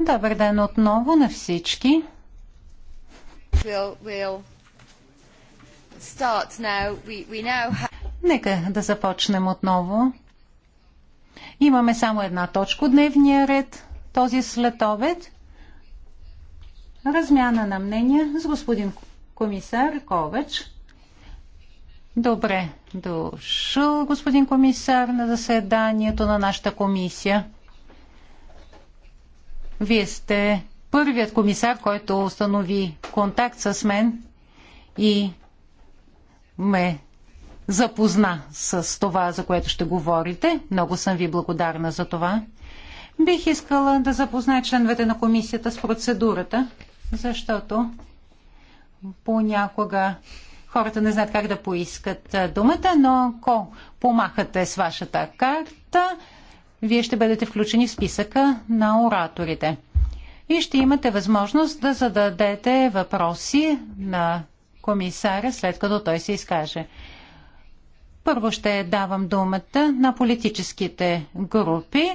Добър ден отново на всички. Нека да започнем отново. Имаме само една точка от дневния ред този следобед. Размяна на мнения с господин комисар Ковач. Добре дошъл, господин комисар, на заседанието на нашата комисия. Вие сте първият комисар, който установи контакт с мен и ме запозна с това, за което ще говорите. Много съм ви благодарна за това. Бих искала да запозная членовете на комисията с процедурата, защото понякога хората не знаят как да поискат думата, но ако помахате с вашата карта, вие ще бъдете включени в списъка на ораторите. И ще имате възможност да зададете въпроси на комисаря, след като той се изкаже. Първо ще давам думата на политическите групи,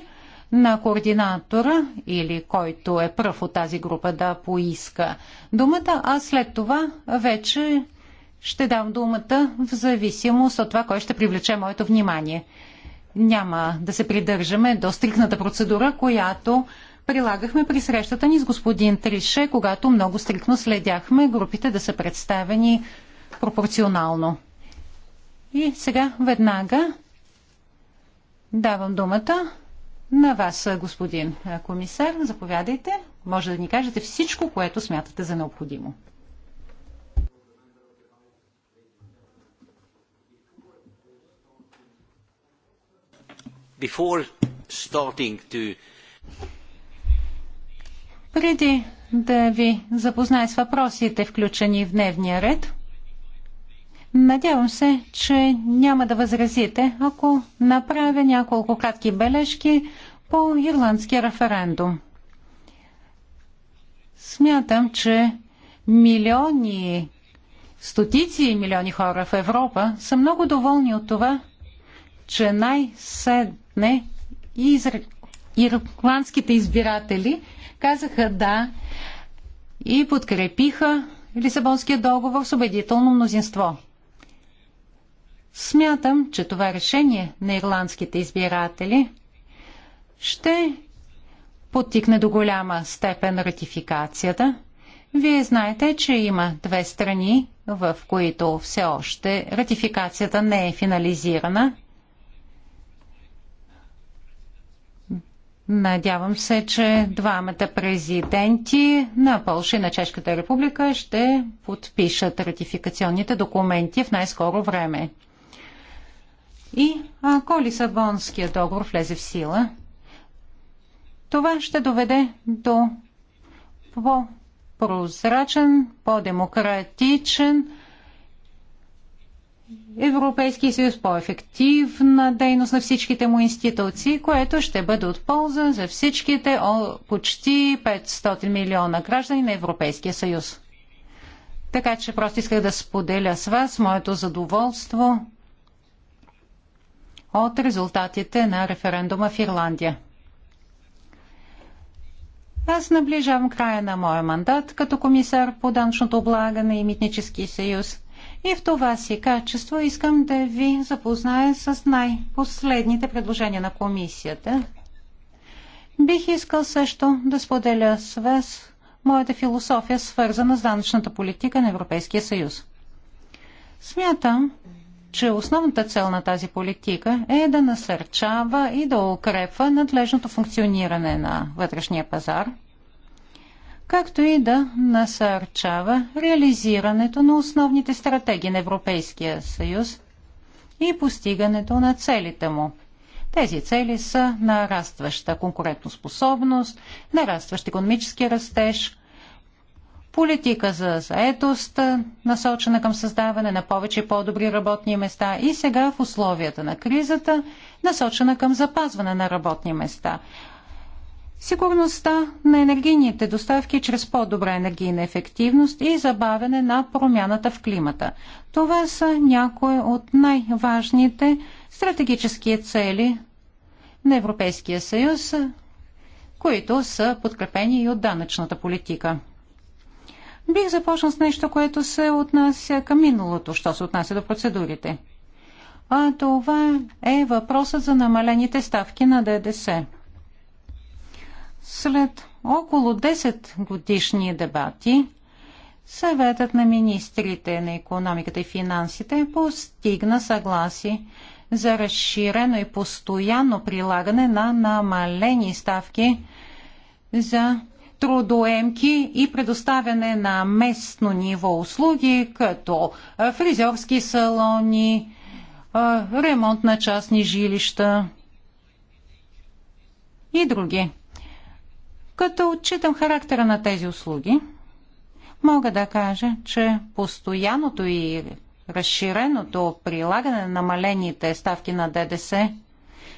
на координатора или който е пръв от тази група да поиска думата, а след това вече ще дам думата в зависимост от това, кой ще привлече моето внимание. Няма да се придържаме до стрикната процедура, която прилагахме при срещата ни с господин Трише, когато много стрикно следяхме групите да са представени пропорционално. И сега веднага давам думата на вас, господин комисар. Заповядайте. Може да ни кажете всичко, което смятате за необходимо. Преди да ви запозная с въпросите, включени в дневния ред, надявам се, че няма да възразите, ако направя няколко кратки бележки по ирландския референдум. Смятам, че милиони, стотици милиони хора в Европа са много доволни от това, че най сед не, и ирландските избиратели казаха да и подкрепиха Лисабонския договор с убедително мнозинство. Смятам, че това решение на ирландските избиратели ще подтикне до голяма степен ратификацията. Вие знаете, че има две страни, в които все още ратификацията не е финализирана. Надявам се, че двамата президенти на Польша и на Чешката република ще подпишат ратификационните документи в най-скоро време. И ако Лисабонският договор влезе в сила, това ще доведе до по-прозрачен, по-демократичен, Европейския съюз, по-ефективна дейност на всичките му институции, което ще бъде от полза за всичките о, почти 500 милиона граждани на Европейския съюз. Така че просто исках да споделя с вас моето задоволство от резултатите на референдума в Ирландия. Аз наближавам края на моя мандат като комисар по данчното облагане и митнически съюз – и в това си качество искам да ви запозная с най-последните предложения на комисията. Бих искал също да споделя с вас моята философия, свързана с данъчната политика на Европейския съюз. Смятам, че основната цел на тази политика е да насърчава и да укрепва надлежното функциониране на вътрешния пазар – както и да насърчава реализирането на основните стратегии на Европейския съюз и постигането на целите му. Тези цели са нарастваща конкурентоспособност, нарастващ економически растеж, политика за заетост, насочена към създаване на повече и по-добри работни места и сега в условията на кризата, насочена към запазване на работни места сигурността на енергийните доставки чрез по-добра енергийна ефективност и забавяне на промяната в климата. Това са някои от най-важните стратегически цели на Европейския съюз, които са подкрепени и от данъчната политика. Бих започнал с нещо, което се отнася към миналото, що се отнася до процедурите. А това е въпросът за намалените ставки на ДДС. След около 10 годишни дебати, съветът на министрите на економиката и финансите постигна съгласие за разширено и постоянно прилагане на намалени ставки за трудоемки и предоставяне на местно ниво услуги, като фризьорски салони, ремонт на частни жилища и други. Като отчитам характера на тези услуги, мога да кажа, че постоянното и разширеното прилагане на намалените ставки на ДДС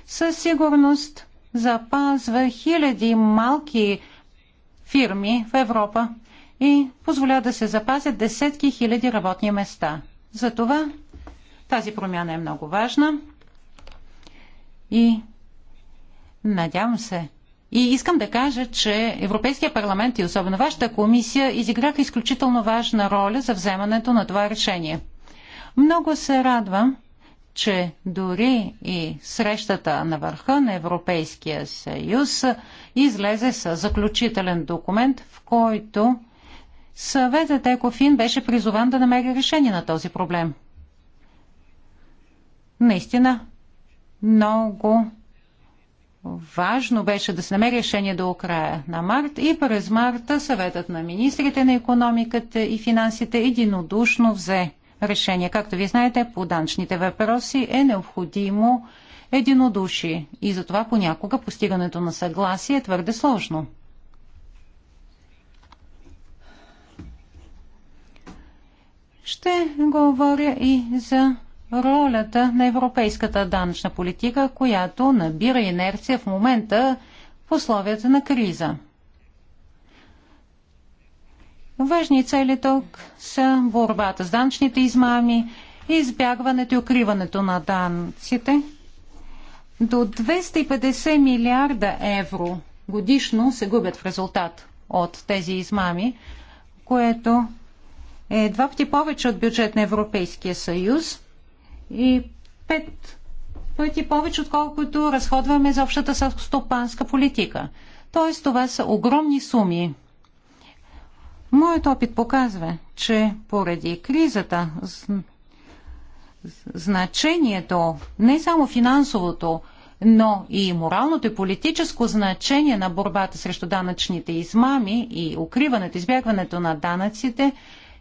със сигурност запазва хиляди малки фирми в Европа и позволя да се запазят десетки хиляди работни места. Затова тази промяна е много важна и надявам се, и искам да кажа, че Европейския парламент и особено вашата комисия изиграха изключително важна роля за вземането на това решение. Много се радвам, че дори и срещата на върха на Европейския съюз излезе с заключителен документ, в който съветът Екофин беше призован да намери решение на този проблем. Наистина, много важно беше да се намери решение до края на март и през марта съветът на министрите на економиката и финансите единодушно взе решение. Както ви знаете, по данчните въпроси е необходимо единодушие и затова понякога постигането на съгласие е твърде сложно. Ще говоря и за ролята на европейската данъчна политика, която набира инерция в момента в условията на криза. Важни цели тук са борбата с данъчните измами, избягването и укриването на данците. До 250 милиарда евро годишно се губят в резултат от тези измами, което е два пъти повече от бюджет на Европейския съюз – и пет пъти повече, отколкото разходваме за общата селскостопанска политика. Тоест, това са огромни суми. Моят опит показва, че поради кризата значението, не само финансовото, но и моралното и политическо значение на борбата срещу данъчните измами и укриването, избягването на данъците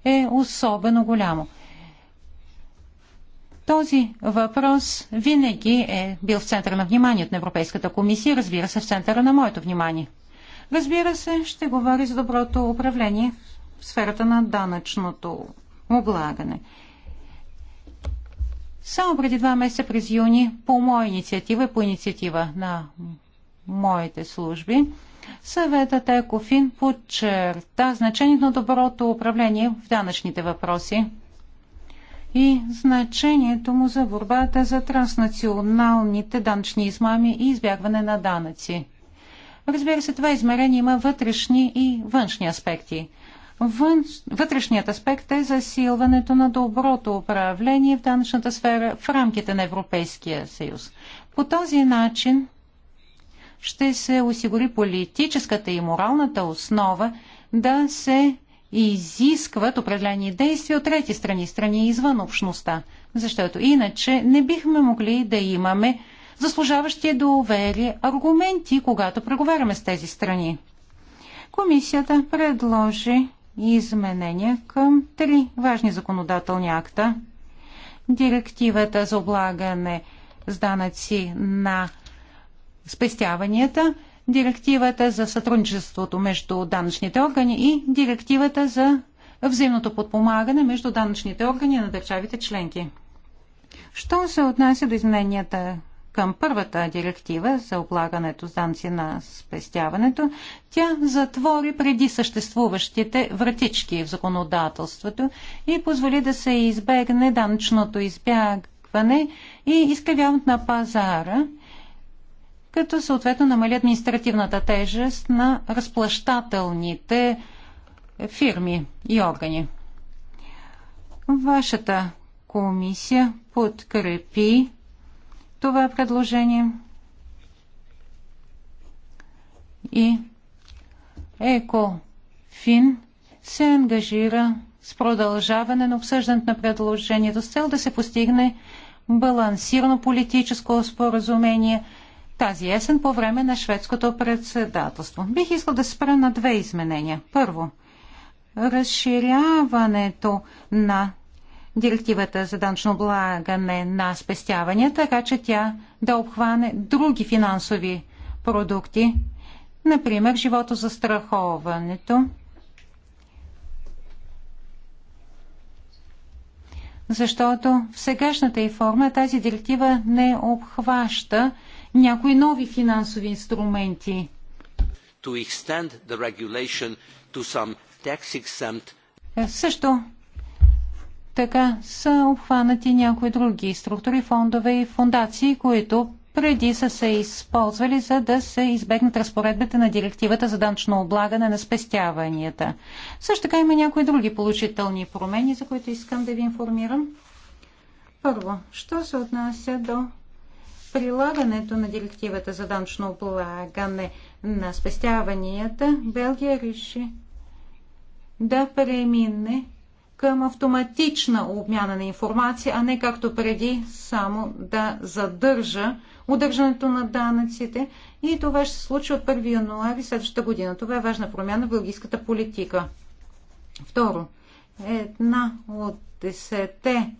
е особено голямо. Този въпрос винаги е бил в центъра на вниманието на Европейската комисия, разбира се, в центъра на моето внимание. Разбира се, ще говори за доброто управление в сферата на данъчното облагане. Само преди два месеца през юни, по моя инициатива и по инициатива на моите служби, съветът Екофин подчерта значението на доброто управление в данъчните въпроси и значението му за борбата за транснационалните данъчни измами и избягване на данъци. Разбира се, това измерение има вътрешни и външни аспекти. Вън... Вътрешният аспект е засилването на доброто управление в данъчната сфера в рамките на Европейския съюз. По този начин ще се осигури политическата и моралната основа да се изискват определени действия от трети страни, страни извън общността, защото иначе не бихме могли да имаме заслужаващи доверие аргументи, когато преговаряме с тези страни. Комисията предложи изменения към три важни законодателни акта. Директивата за облагане с данъци на спестяванията – директивата за сътрудничеството между данъчните органи и директивата за взаимното подпомагане между данъчните органи на държавите членки. Що се отнася до измененията към първата директива за облагането с данци на спестяването, тя затвори преди съществуващите вратички в законодателството и позволи да се избегне данъчното избягване и изкривяването на пазара – като съответно намали административната тежест на разплащателните фирми и органи. Вашата комисия подкрепи това предложение и ЕКОФИН се ангажира с продължаване на обсъждането на предложението с цел да се постигне балансирано политическо споразумение – тази есен по време на шведското председателство. Бих искал да спра на две изменения. Първо, разширяването на директивата за данъчно облагане на спестявания, така че тя да обхване други финансови продукти, например живото за страховането. защото в сегашната и форма тази директива не обхваща някои нови финансови инструменти. Е, също така са обхванати някои други структури, фондове и фундации, които преди са се използвали, за да се избегнат разпоредбите на директивата за данчно облагане на спестяванията. Също така има някои други получителни промени, за които искам да ви информирам. Първо, що се отнася до прилагането на директивата за данъчно облагане на спестяванията, Белгия реши да премине към автоматична обмяна на информация, а не както преди само да задържа удържането на данъците. И това ще се случи от 1 януари следващата година. Това е важна промяна в белгийската политика. Второ, една от десете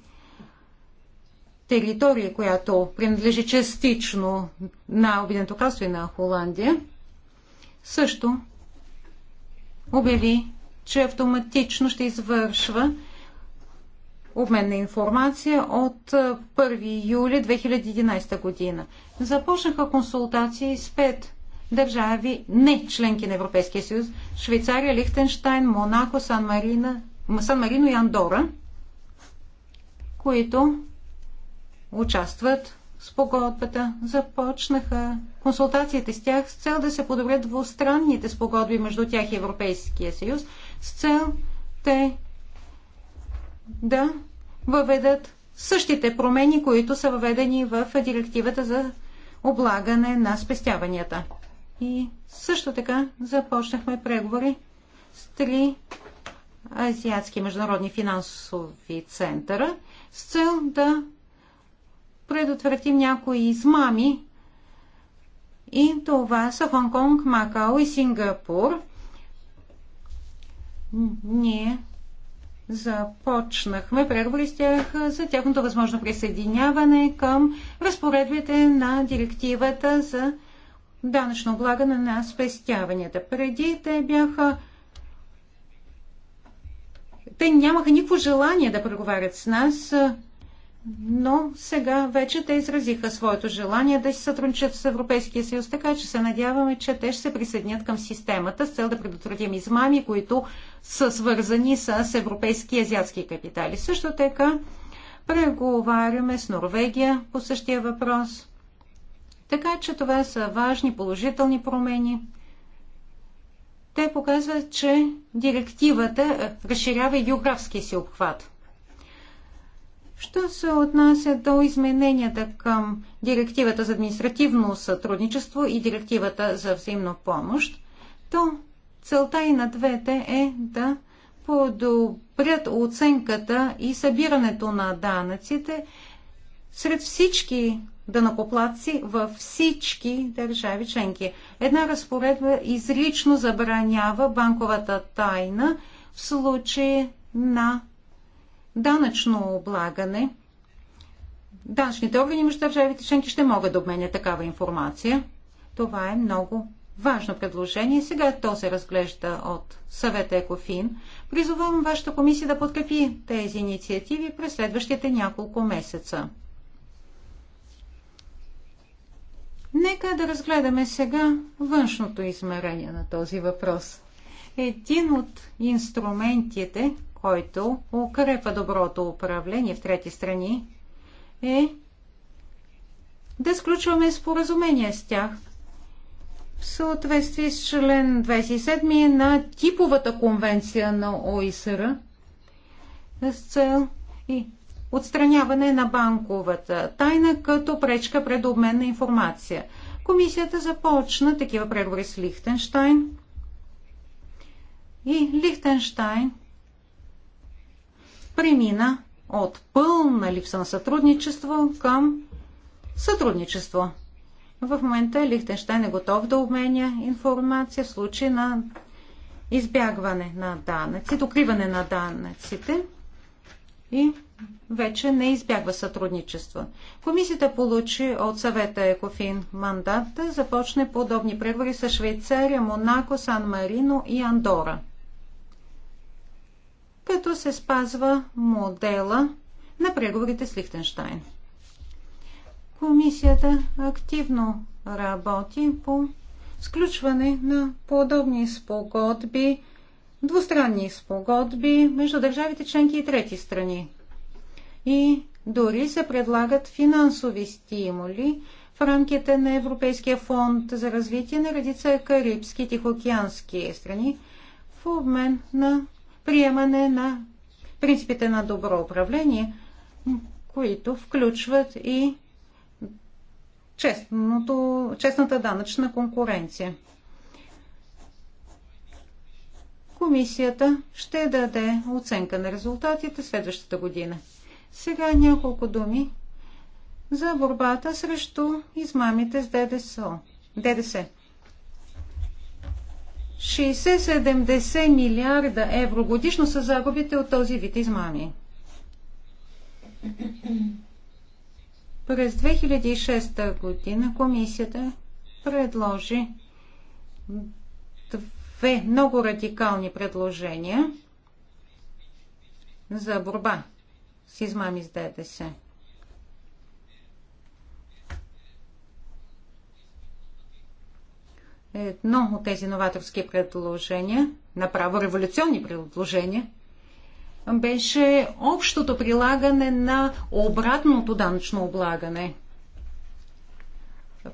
територия, която принадлежи частично на Обединеното кралство и на Холандия, също обяви, че автоматично ще извършва обмен на информация от 1 юли 2011 година. Започнаха консултации с пет държави, не членки на Европейския съюз, Швейцария, Лихтенштайн, Монако, Сан, Марино и Андора, които участват в спогодбата. Започнаха консултациите с тях с цел да се подобрят двустранните спогодби между тях и Европейския съюз, с цел те да въведат същите промени, които са въведени в директивата за облагане на спестяванията. И също така започнахме преговори с три азиатски международни финансови центъра с цел да предотвратим някои измами. И това са Хонконг, Макао и Сингапур. Ние започнахме преговори с тях за тяхното възможно присъединяване към разпоредбите на директивата за данъчно облагане на спестяванията. Преди те бяха те нямаха никакво желание да преговарят с нас но сега вече те изразиха своето желание да си сътрудничат с Европейския съюз, така че се надяваме, че те ще се присъединят към системата с цел да предотвратим измами, които са свързани с европейски и азиатски капитали. Също така преговаряме с Норвегия по същия въпрос. Така че това са важни положителни промени. Те показват, че директивата разширява и географския си обхват – Що се отнася до измененията към директивата за административно сътрудничество и директивата за взаимна помощ, то целта и на двете е да подобрят оценката и събирането на данъците сред всички дънакоплатци във всички държави членки. Една разпоредба изрично забранява банковата тайна в случай на данъчно облагане, данъчните органи между държавите членки ще могат да обменят такава информация. Това е много важно предложение. Сега то се разглежда от съвета Екофин. Призовавам вашата комисия да подкрепи тези инициативи през следващите няколко месеца. Нека да разгледаме сега външното измерение на този въпрос. Един от инструментите, който укрепва доброто управление в трети страни, е да сключваме споразумение с тях в съответствие с член 27 на типовата конвенция на ОИСР с цел и отстраняване на банковата тайна като пречка пред обмен на информация. Комисията започна такива преговори с Лихтенштайн и Лихтенштайн премина от пълна липса на сътрудничество към сътрудничество. В момента Лихтенштайн е готов да обменя информация в случай на избягване на данъци, докриване на данъците и вече не избягва сътрудничество. Комисията получи от съвета Екофин мандат да започне подобни преговори с Швейцария, Монако, Сан Марино и Андора като се спазва модела на преговорите с Лихтенштайн. Комисията активно работи по сключване на подобни спогодби, двустранни спогодби между държавите членки и трети страни. И дори се предлагат финансови стимули в рамките на Европейския фонд за развитие на редица карибски и тихоокеански страни в обмен на приемане на принципите на добро управление, които включват и честното, честната данъчна конкуренция. Комисията ще даде оценка на резултатите следващата година. Сега няколко думи за борбата срещу измамите с ДДСО. ДДС. 60-70 милиарда евро годишно са загубите от този вид измами. През 2006 година комисията предложи две много радикални предложения за борба с измами с ДДС. едно от тези новаторски предложения, направо революционни предложения, беше общото прилагане на обратното данъчно облагане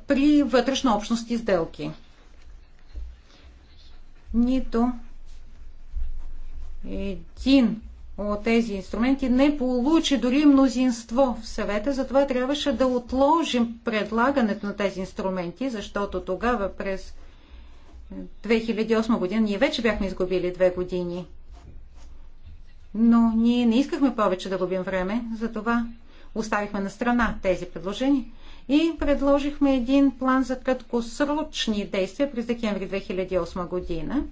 при вътрешно общности сделки. Нито един от тези инструменти не получи дори мнозинство в съвета, затова трябваше да отложим предлагането на тези инструменти, защото тогава през 2008 година ние вече бяхме изгубили две години. Но ние не искахме повече да губим време, затова оставихме на страна тези предложения и предложихме един план за краткосрочни действия през декември 2008 година.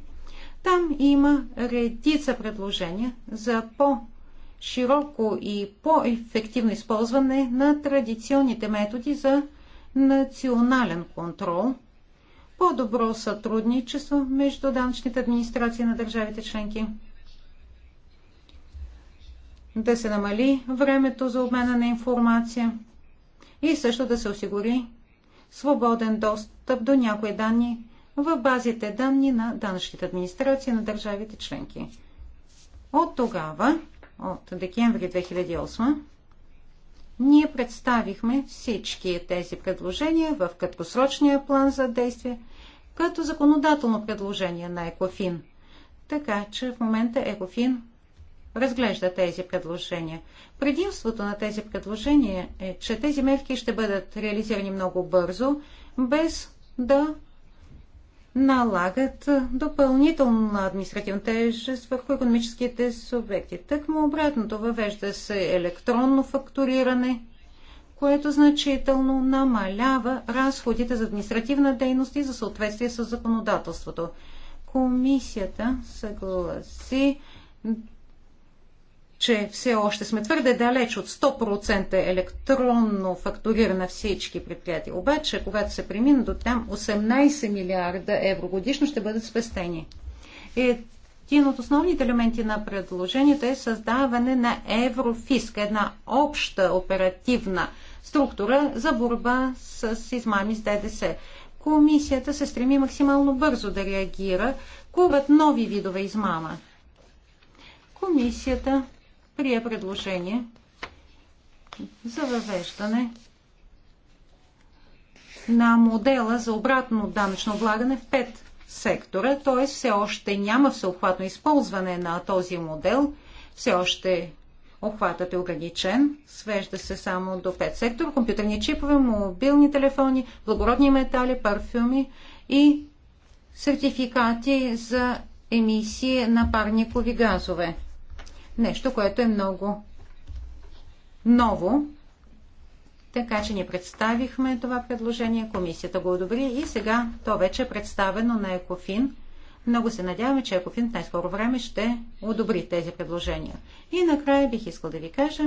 Там има редица предложения за по-широко и по-ефективно използване на традиционните методи за национален контрол – по-добро сътрудничество между данъчните администрации на държавите членки, да се намали времето за обмена на информация и също да се осигури свободен достъп до някои данни в базите данни на данъчните администрации на държавите членки. От тогава, от декември 2008, ние представихме всички тези предложения в краткосрочния план за действие като законодателно предложение на Екофин. Така че в момента Екофин разглежда тези предложения. Предимството на тези предложения е, че тези мерки ще бъдат реализирани много бързо, без да налагат допълнителна административна тежест върху економическите субекти. Тъкмо обратното въвежда се електронно фактуриране, което значително намалява разходите за административна дейност и за съответствие с законодателството. Комисията съгласи че все още сме твърде далеч от 100% електронно фактуриране на всички предприятия. Обаче, когато се премина до там, 18 милиарда евро годишно ще бъдат спестени. Един от основните елементи на предложението е създаване на Еврофиск, една обща оперативна структура за борба с измами с ДДС. Комисията се стреми максимално бързо да реагира, когато нови видове измама. Комисията прие предложение за въвеждане на модела за обратно данъчно облагане в пет сектора, т.е. все още няма всеобхватно използване на този модел, все още обхватът е ограничен, свежда се само до пет сектора, компютърни чипове, мобилни телефони, благородни метали, парфюми и сертификати за емисии на парникови газове нещо, което е много ново. Така че ни представихме това предложение, комисията го одобри и сега то вече е представено на Екофин. Много се надяваме, че Екофин в най-скоро време ще одобри тези предложения. И накрая бих искал да ви кажа,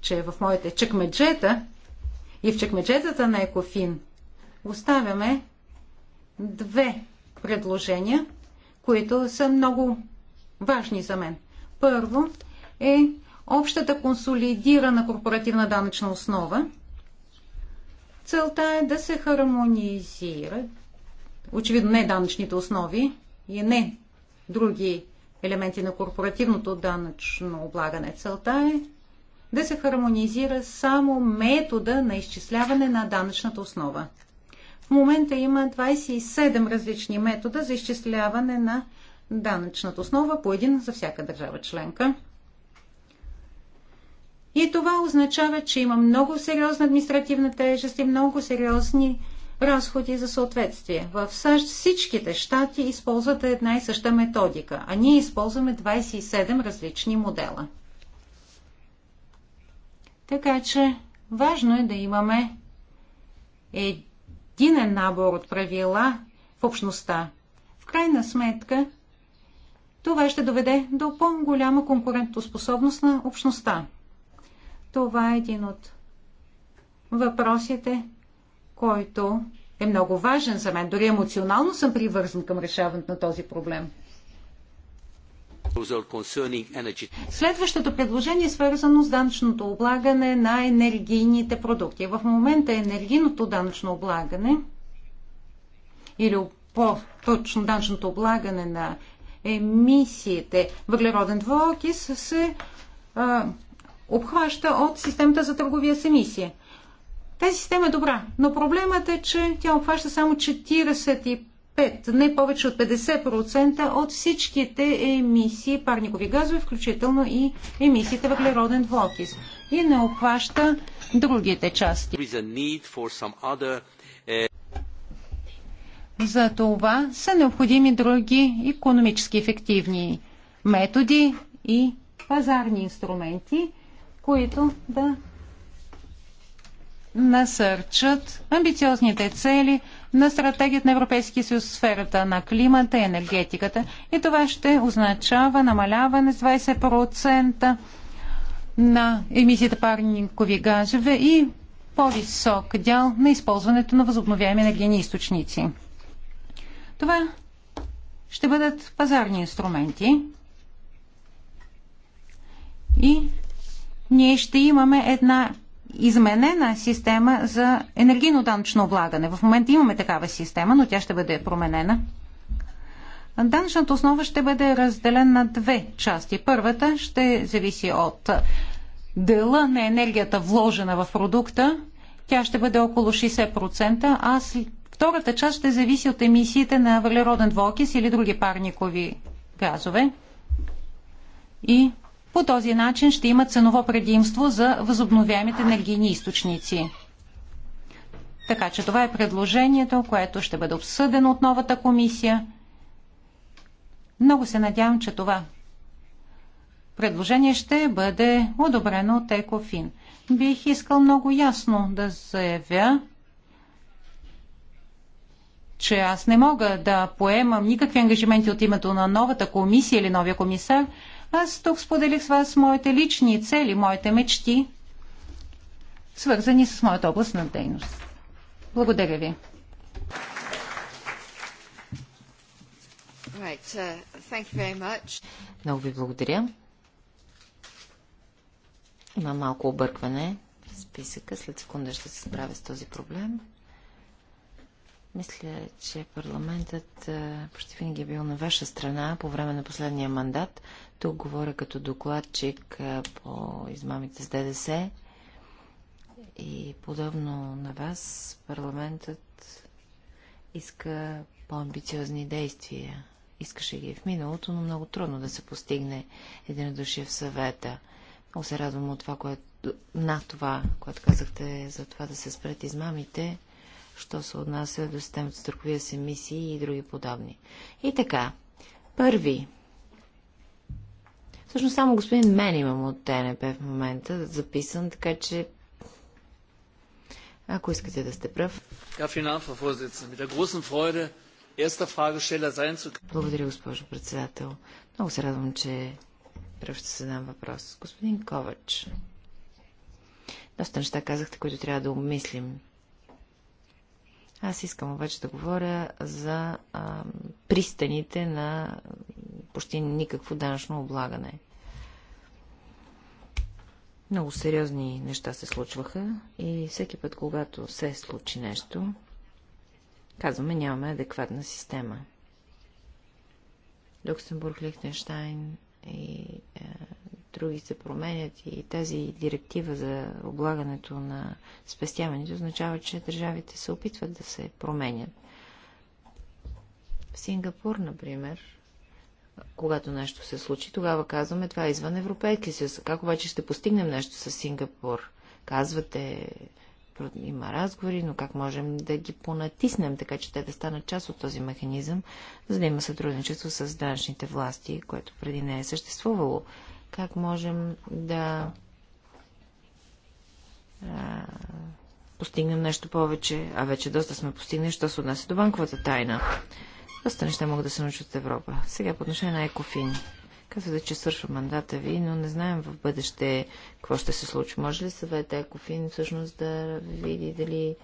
че в моите чекмеджета и в чекмеджетата на Екофин оставяме две предложения, които са много важни за мен – първо е общата консолидирана корпоративна данъчна основа. Целта е да се хармонизира, очевидно не данъчните основи и не други елементи на корпоративното данъчно облагане. Целта е да се хармонизира само метода на изчисляване на данъчната основа. В момента има 27 различни метода за изчисляване на данъчната основа по един за всяка държава членка. И това означава, че има много сериозна административна тежест и много сериозни разходи за съответствие. В САЩ всичките щати използват една и съща методика, а ние използваме 27 различни модела. Така че важно е да имаме единен набор от правила в общността. В крайна сметка това ще доведе до по-голяма конкурентоспособност на общността. Това е един от въпросите, който е много важен за мен. Дори емоционално съм привързан към решаването на този проблем. Следващото предложение е свързано с данъчното облагане на енергийните продукти. В момента енергийното данъчно облагане или по-точно данъчното облагане на емисиите. Въглероден двуокис се а, обхваща от системата за търговия с емисия. Тази система е добра, но проблемът е, че тя обхваща само 45, не повече от 50% от всичките емисии парникови газове, включително и емисиите въглероден двуокис. И не обхваща другите части. За това са необходими други економически ефективни методи и пазарни инструменти, които да насърчат амбициозните цели на стратегията на Европейския съюз в сферата на климата и енергетиката. И това ще означава намаляване с 20% на емисията парникови газове и по-висок дял на използването на възобновяеми енергийни източници. Това ще бъдат пазарни инструменти и ние ще имаме една изменена система за енергийно данъчно облагане. В момента имаме такава система, но тя ще бъде променена. Данъчната основа ще бъде разделена на две части. Първата ще зависи от дела на енергията вложена в продукта. Тя ще бъде около 60%, а Втората част ще зависи от емисиите на въглероден двуокис или други парникови газове. И по този начин ще има ценово предимство за възобновяемите енергийни източници. Така че това е предложението, което ще бъде обсъдено от новата комисия. Много се надявам, че това предложение ще бъде одобрено от Екофин. Бих искал много ясно да заявя, че аз не мога да поемам никакви ангажименти от името на новата комисия или новия комисар, аз тук споделих с вас моите лични цели, моите мечти, свързани с моята област на дейност. Благодаря ви. Right, uh, Много ви благодаря. Има малко объркване в списъка. След секунда ще се справя с този проблем. Мисля, че парламентът почти винаги е бил на ваша страна по време на последния мандат. Тук говоря като докладчик по измамите с ДДС. И подобно на вас, парламентът иска по-амбициозни действия. Искаше ги в миналото, но много трудно да се постигне единодушие в съвета. Много се радвам от това, което, на това, което казахте за това да се спрат измамите що се отнася до системата с търговия с емисии и други подобни. И така, първи. Всъщност само господин Мен имам от ТНП в момента записан, така че ако искате да сте прав. Благодаря, госпожо председател. Много се радвам, че пръв ще се дам въпрос. Господин Ковач, доста неща казахте, които трябва да обмислим. Аз искам обаче да говоря за а, пристаните на почти никакво данъчно облагане. Много сериозни неща се случваха и всеки път, когато се случи нещо, казваме, нямаме адекватна система. Люксембург, Лихтенштайн и е, други се променят и тази директива за облагането на спестяването означава, че държавите се опитват да се променят. В Сингапур, например, когато нещо се случи, тогава казваме, това е извън Европейския съюз. Как обаче ще постигнем нещо с Сингапур? Казвате, има разговори, но как можем да ги понатиснем, така че те да станат част от този механизъм, за да има сътрудничество с данъчните власти, което преди не е съществувало как можем да а, постигнем нещо повече, а вече доста сме постигнали, що се отнася до банковата тайна. Доста неща могат да се научат от Европа. Сега по отношение на Екофин. Казвате, че свършва мандата ви, но не знаем в бъдеще какво ще се случи. Може ли съвета Екофин всъщност да види дали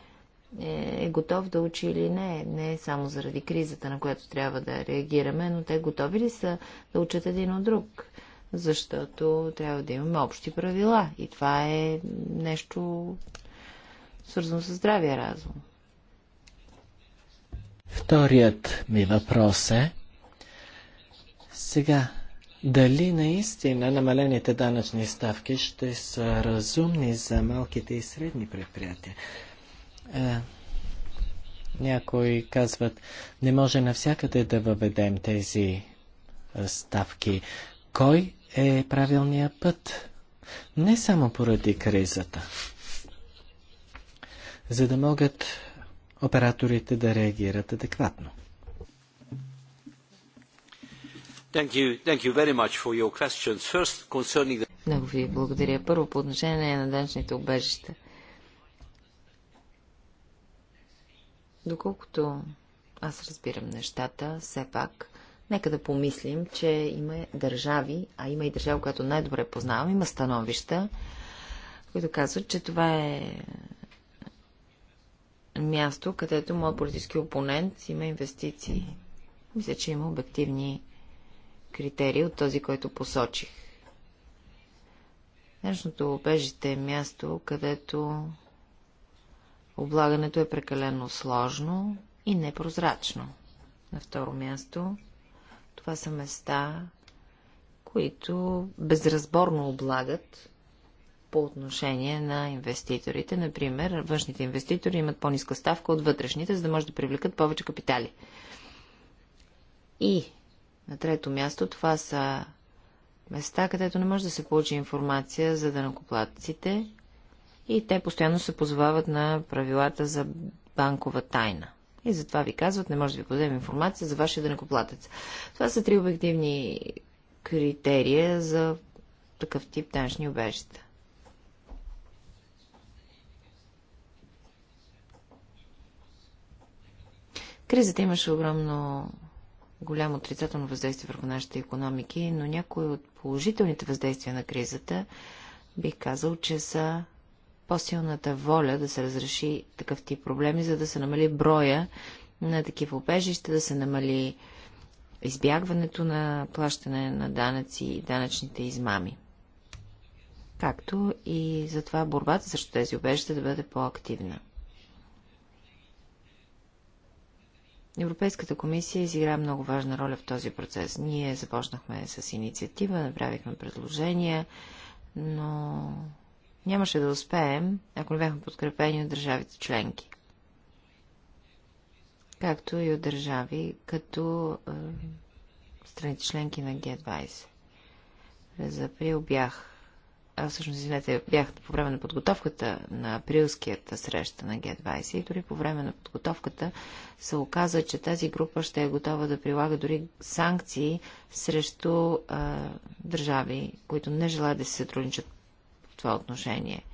е, е готов да учи или не. Не само заради кризата, на която трябва да реагираме, но те готови ли са да учат един от друг? защото трябва да имаме общи правила и това е нещо свързано с здравия разум. Вторият ми въпрос е сега дали наистина намалените данъчни ставки ще са разумни за малките и средни предприятия? Е, някои казват, не може навсякъде да въведем тези ставки. Кой е правилния път. Не само поради кризата. За да могат операторите да реагират адекватно. Много ви благодаря. Първо по отношение на данъчните убежища. Доколкото аз разбирам нещата, все пак Нека да помислим, че има държави, а има и държава, която най-добре познавам, има становища, които казват, че това е място, където моят политически опонент има инвестиции. Мисля, че има обективни критерии от този, който посочих. Днешното обежите е място, където облагането е прекалено сложно и непрозрачно. На второ място това са места, които безразборно облагат по отношение на инвеститорите. Например, външните инвеститори имат по-ниска ставка от вътрешните, за да може да привлекат повече капитали. И на трето място това са места, където не може да се получи информация за дънакоплатците и те постоянно се позовават на правилата за банкова тайна. И затова ви казват, не може да ви подадем информация за вашия дънакоплатец. Това са три обективни критерия за такъв тип данъчни обежища. Кризата имаше огромно голямо отрицателно въздействие върху нашите економики, но някои от положителните въздействия на кризата бих казал, че са по-силната воля да се разреши такъв тип проблеми, за да се намали броя на такива обежища, да се намали избягването на плащане на данъци и данъчните измами. Както и за това борбата срещу тези обежища да бъде по-активна. Европейската комисия изигра много важна роля в този процес. Ние започнахме с инициатива, направихме предложения, но Нямаше да успеем, ако не бяхме подкрепени от държавите членки. Както и от държави, като е, страните членки на Г-20. През април бях, а всъщност, извинете, бях по време на подготовката на априлската среща на Г-20 и дори по време на подготовката се оказа, че тази група ще е готова да прилага дори санкции срещу е, държави, които не желаят да се сътрудничат това отношение.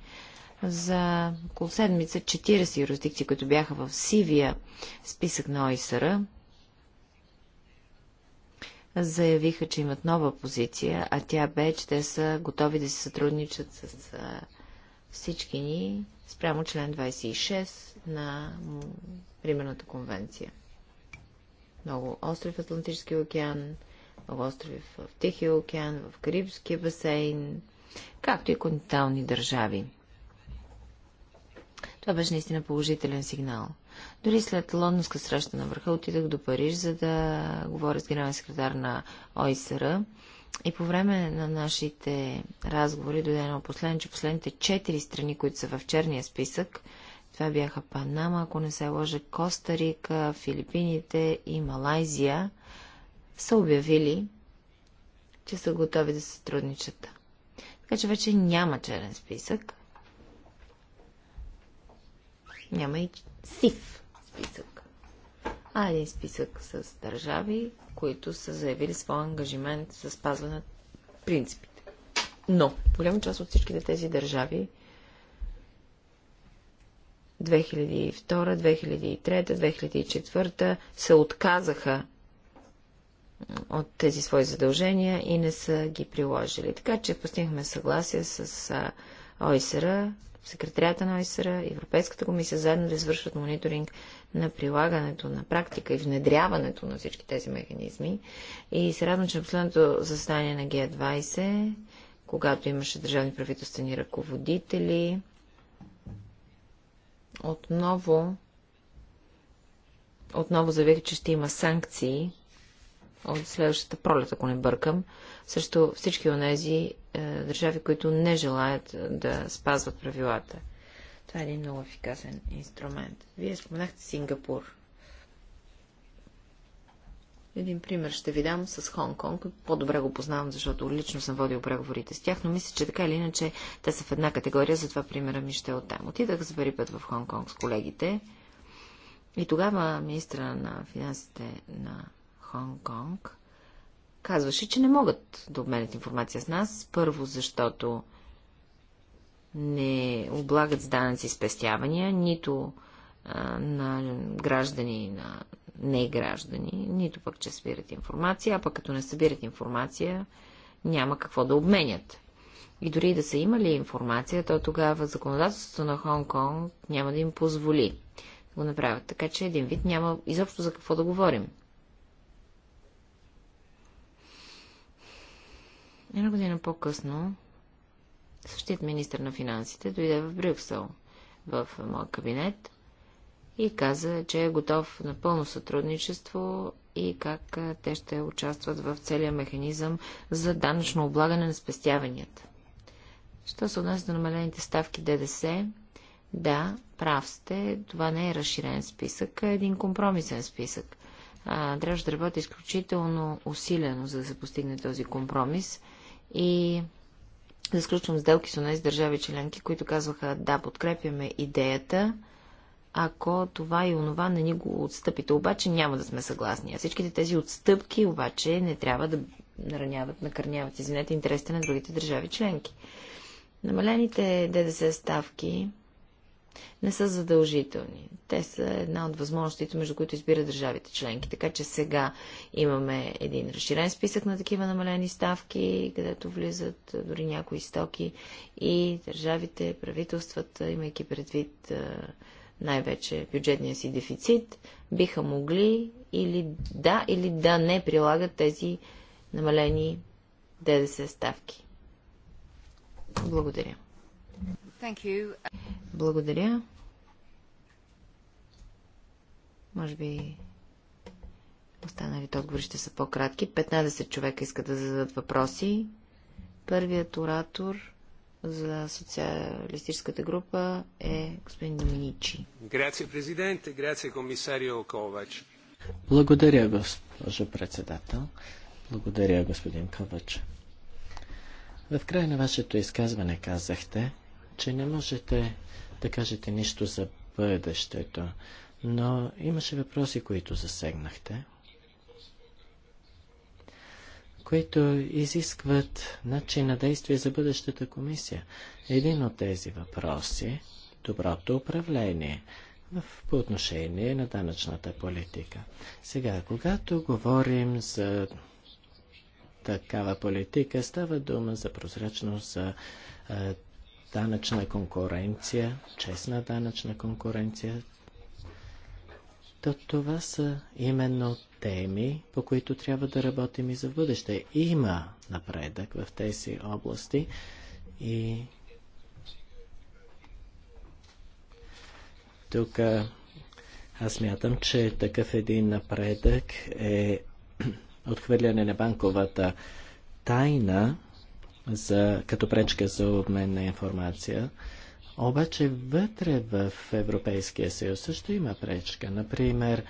За около седмица 40 юрисдикции, които бяха в сивия списък на ОИСР, заявиха, че имат нова позиция, а тя бе, че те са готови да се сътрудничат с всички ни спрямо член 26 на Примерната конвенция. Много острови в Атлантическия океан, много острови в Тихия океан, в Карибския басейн, както и континентални държави. Това беше наистина положителен сигнал. Дори след лондонска среща на върха отидах до Париж, за да говоря с генерален секретар на ОИСР. И по време на нашите разговори дойде едно последно, че последните четири страни, които са в черния списък, това бяха Панама, ако не се лъжа, Коста Рика, Филипините и Малайзия, са обявили, че са готови да се сътрудничат. Така че вече няма черен списък. Няма и сив списък. А един списък с държави, които са заявили своя ангажимент за спазване на принципите. Но голяма част от всичките тези държави 2002, 2003, 2004 се отказаха от тези свои задължения и не са ги приложили. Така че постигнахме съгласие с ОИСР, секретарията на ОИСР, Европейската комисия, заедно да извършват мониторинг на прилагането на практика и внедряването на всички тези механизми. И се радвам, че на последното заседание на Г20, когато имаше държавни правителствени ръководители, отново отново заявих, че ще има санкции от следващата пролет, ако не бъркам, също всички от тези е, държави, които не желаят е, да спазват правилата. Това е един много ефикасен инструмент. Вие споменахте Сингапур. Един пример ще ви дам с Хонг-Конг. По-добре го познавам, защото лично съм водил преговорите с тях, но мисля, че така или иначе те са в една категория, затова примера ми ще е оттам. Отидах за първи път в Хонг-Конг с колегите и тогава министра на финансите на Хонг-Конг казваше, че не могат да обменят информация с нас. Първо, защото не облагат с данъци спестявания, нито а, на граждани на не граждани, нито пък, че събират информация, а пък като не събират информация, няма какво да обменят. И дори да са имали информация, то тогава законодателството на Хонг-Конг няма да им позволи да го направят. Така че един вид няма изобщо за какво да говорим. Една година по-късно същият министр на финансите дойде в Брюксел, в моят кабинет и каза, че е готов на пълно сътрудничество и как те ще участват в целия механизъм за данъчно облагане на спестяванията. Що се отнася до намалените ставки ДДС, да, прав сте, това не е разширен списък, а един компромисен списък. А, трябваше да работя изключително усилено, за да се постигне този компромис – и да сключвам сделки с онези държави членки, които казваха да, подкрепяме идеята, ако това и онова не ни го отстъпите. Обаче няма да сме съгласни. А всичките тези отстъпки обаче не трябва да нараняват, накърняват, извинете, интересите на другите държави членки. Намалените ДДС ставки не са задължителни. Те са една от възможностите, между които избира държавите членки. Така че сега имаме един разширен списък на такива намалени ставки, където влизат дори някои стоки и държавите, правителствата, имайки предвид най-вече бюджетния си дефицит, биха могли или да, или да не прилагат тези намалени ДДС ставки. Благодаря. Благодаря. Може би останалите отговори ще са по-кратки. 15 човека искат да зададат въпроси. Първият оратор за социалистическата група е господин Доминичи. Грация, президенте, грация, комисарио Ковач. Благодаря, госпожо председател. Благодаря, господин Ковач. В края на вашето изказване казахте, че не можете да кажете нищо за бъдещето, но имаше въпроси, които засегнахте, които изискват начин на действие за бъдещата комисия. Един от тези въпроси – доброто управление в, по отношение на данъчната политика. Сега, когато говорим за такава политика, става дума за прозрачност, за данъчна конкуренция, честна данъчна конкуренция. То това са именно теми, по които трябва да работим и за бъдеще. Има напредък в тези области и тук аз мятам, че такъв един напредък е отхвърляне на банковата тайна, за, като пречка за обмен на информация. Обаче вътре в Европейския съюз също има пречка. Например,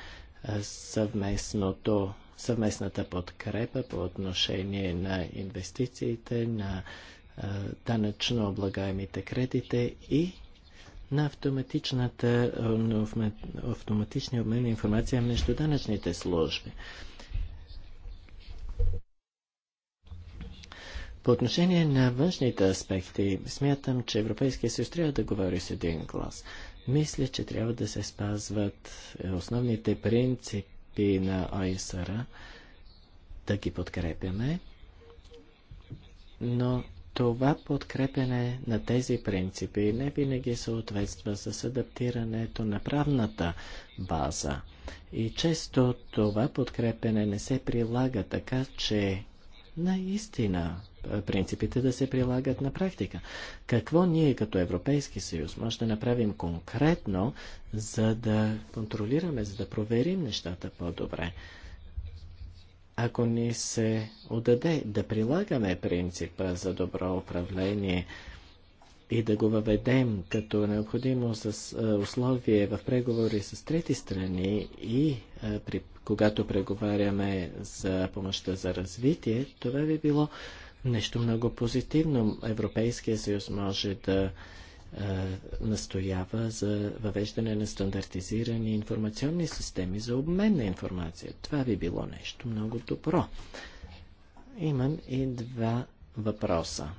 съвместното, съвместната подкрепа по отношение на инвестициите, на данъчно облагаемите кредите и на автоматичната, автоматичния обмен на информация между данъчните служби. По отношение на външните аспекти, смятам, че Европейския съюз трябва да говори с един глас. Мисля, че трябва да се спазват основните принципи на ОИСР, да ги подкрепяме, но това подкрепяне на тези принципи не винаги съответства с адаптирането на правната база. И често това подкрепяне не се прилага така, че наистина принципите да се прилагат на практика. Какво ние като Европейски съюз може да направим конкретно, за да контролираме, за да проверим нещата по-добре? Ако ни се отдаде да прилагаме принципа за добро управление, и да го въведем като необходимо с е, условие в преговори с трети страни и е, при, когато преговаряме за помощта за развитие, това би било нещо много позитивно. Европейския съюз може да е, настоява за въвеждане на стандартизирани информационни системи за обмен на информация. Това би било нещо много добро. Имам и два въпроса.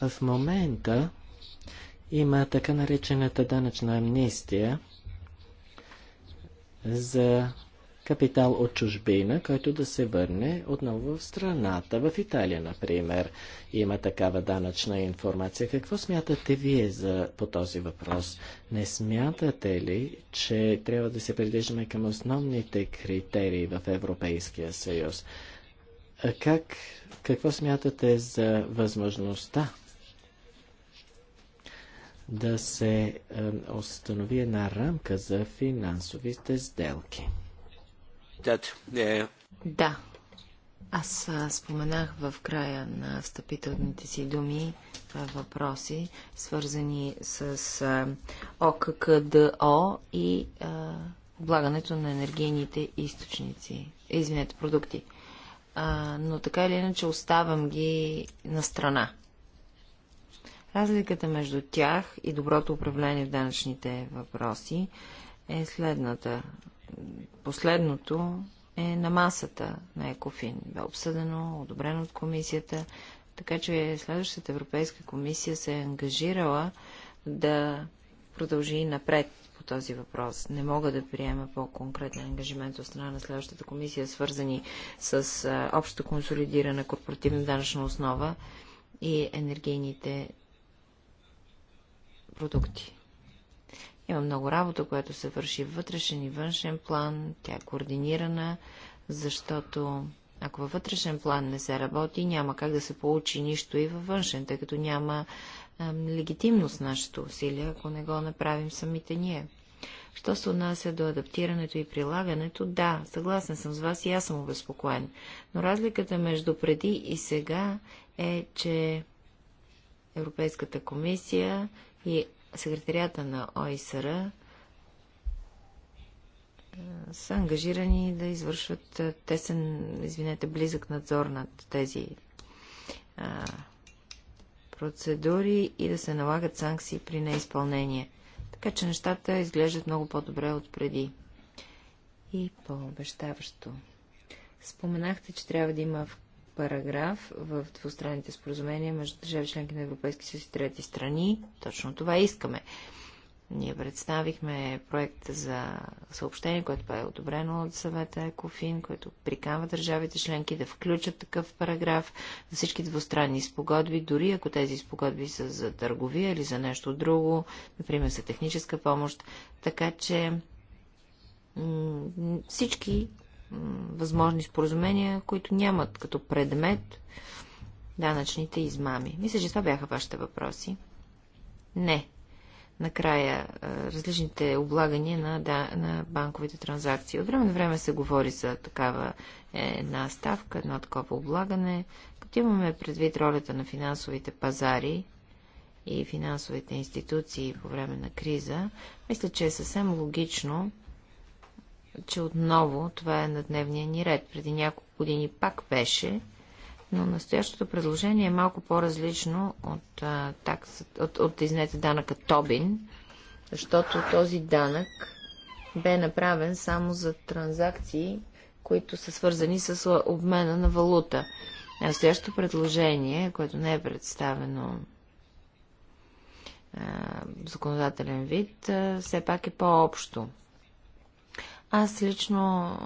В момента има така наречената данъчна амнистия – за капитал от чужбина, който да се върне отново в страната. В Италия, например, има такава данъчна информация. Какво смятате вие за, по този въпрос? Не смятате ли, че трябва да се придържаме към основните критерии в Европейския съюз? Как, какво смятате за възможността да се е, установи една рамка за финансовите сделки. Е, да. Аз споменах в края на встъпителните си думи въпроси, свързани с ОККДО и облагането на енергийните източници, извинете, продукти. но така или иначе оставам ги на страна. Разликата между тях и доброто управление в данъчните въпроси е следната. Последното е на масата на Екофин. Бе обсъдено, одобрено от комисията, така че следващата Европейска комисия се е ангажирала да продължи напред по този въпрос. Не мога да приема по-конкретен ангажимент от страна на следващата комисия, свързани с общата общо консолидирана корпоративна данъчна основа и енергийните продукти. Има много работа, която се върши в вътрешен и външен план, тя е координирана, защото ако във вътрешен план не се работи, няма как да се получи нищо и във външен, тъй като няма е, легитимност нашето усилие, ако не го направим самите ние. Що се отнася до адаптирането и прилагането, да, съгласен съм с вас и аз съм обезпокоен. Но разликата между преди и сега е, че Европейската комисия и секретарията на ОИСР са ангажирани да извършват тесен, извинете, близък надзор над тези а, процедури и да се налагат санкции при неизпълнение. Така че нещата изглеждат много по-добре от преди и по-обещаващо. Споменахте, че трябва да има параграф в двустранните споразумения между държави членки на Европейски съюз и трети страни. Точно това искаме. Ние представихме проект за съобщение, което бе е одобрено от съвета Екофин, което приканва държавите членки да включат такъв параграф за всички двустранни спогодби, дори ако тези спогодби са за търговия или за нещо друго, например за техническа помощ. Така че всички възможни споразумения, които нямат като предмет данъчните измами. Мисля, че това бяха вашите въпроси. Не. Накрая, различните облагания на, да, на банковите транзакции. От време на време се говори за такава е, една ставка, едно такова облагане. Като имаме предвид ролята на финансовите пазари и финансовите институции по време на криза, мисля, че е съвсем логично че отново това е на дневния ни ред. Преди няколко години пак беше, но настоящото предложение е малко по-различно от, такса, от, от изнете данъка Тобин, защото този данък бе направен само за транзакции, които са свързани с обмена на валута. Настоящото предложение, което не е представено законодателен вид, все пак е по-общо. Аз лично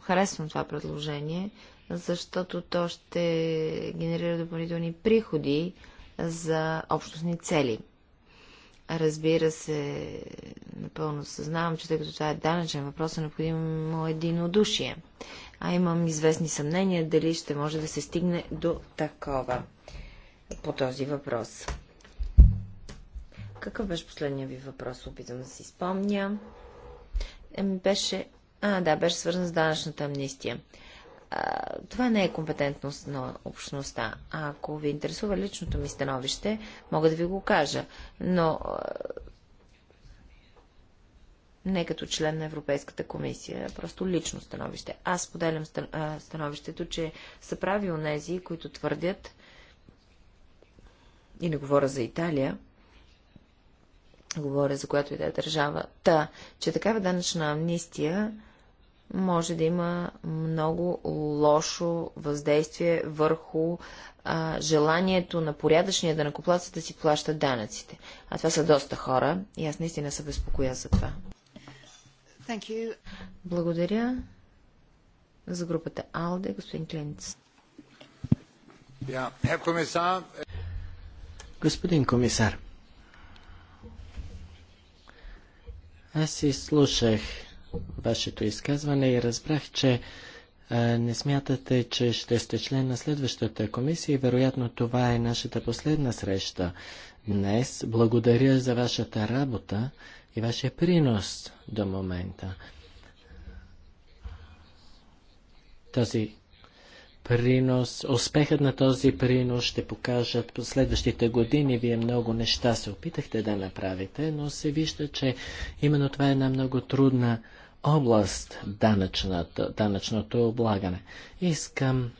харесвам това предложение, защото то ще генерира допълнителни приходи за общностни цели. Разбира се, напълно съзнавам, че тъй като това е данъчен въпрос, е необходимо единодушие. А имам известни съмнения дали ще може да се стигне до такова по този въпрос. Какъв беше последния ви въпрос? Опитам да си спомня. Ами беше... А, да, беше свързан с данъчната амнистия. А, това не е компетентност на общността. А ако ви интересува личното ми становище, мога да ви го кажа. Но не като член на Европейската комисия, просто лично становище. Аз поделям становището, че са прави онези, които твърдят, и не говоря за Италия, говоря за която и да е държава, та, че такава данъчна амнистия може да има много лошо въздействие върху а, желанието на порядъчния данъкоплатец да си плаща данъците. А това са доста хора и аз наистина се безпокоя за това. Thank you. Благодаря за групата АЛДЕ, господин Клинц. Yeah. Господин комисар, Аз изслушах вашето изказване и разбрах, че а, не смятате, че ще сте член на следващата комисия и вероятно това е нашата последна среща днес. Благодаря за вашата работа и вашия принос до момента. Този принос, успехът на този принос ще покажат последващите години. Вие много неща се опитахте да направите, но се вижда, че именно това е една много трудна област данъчната, данъчното облагане. Искам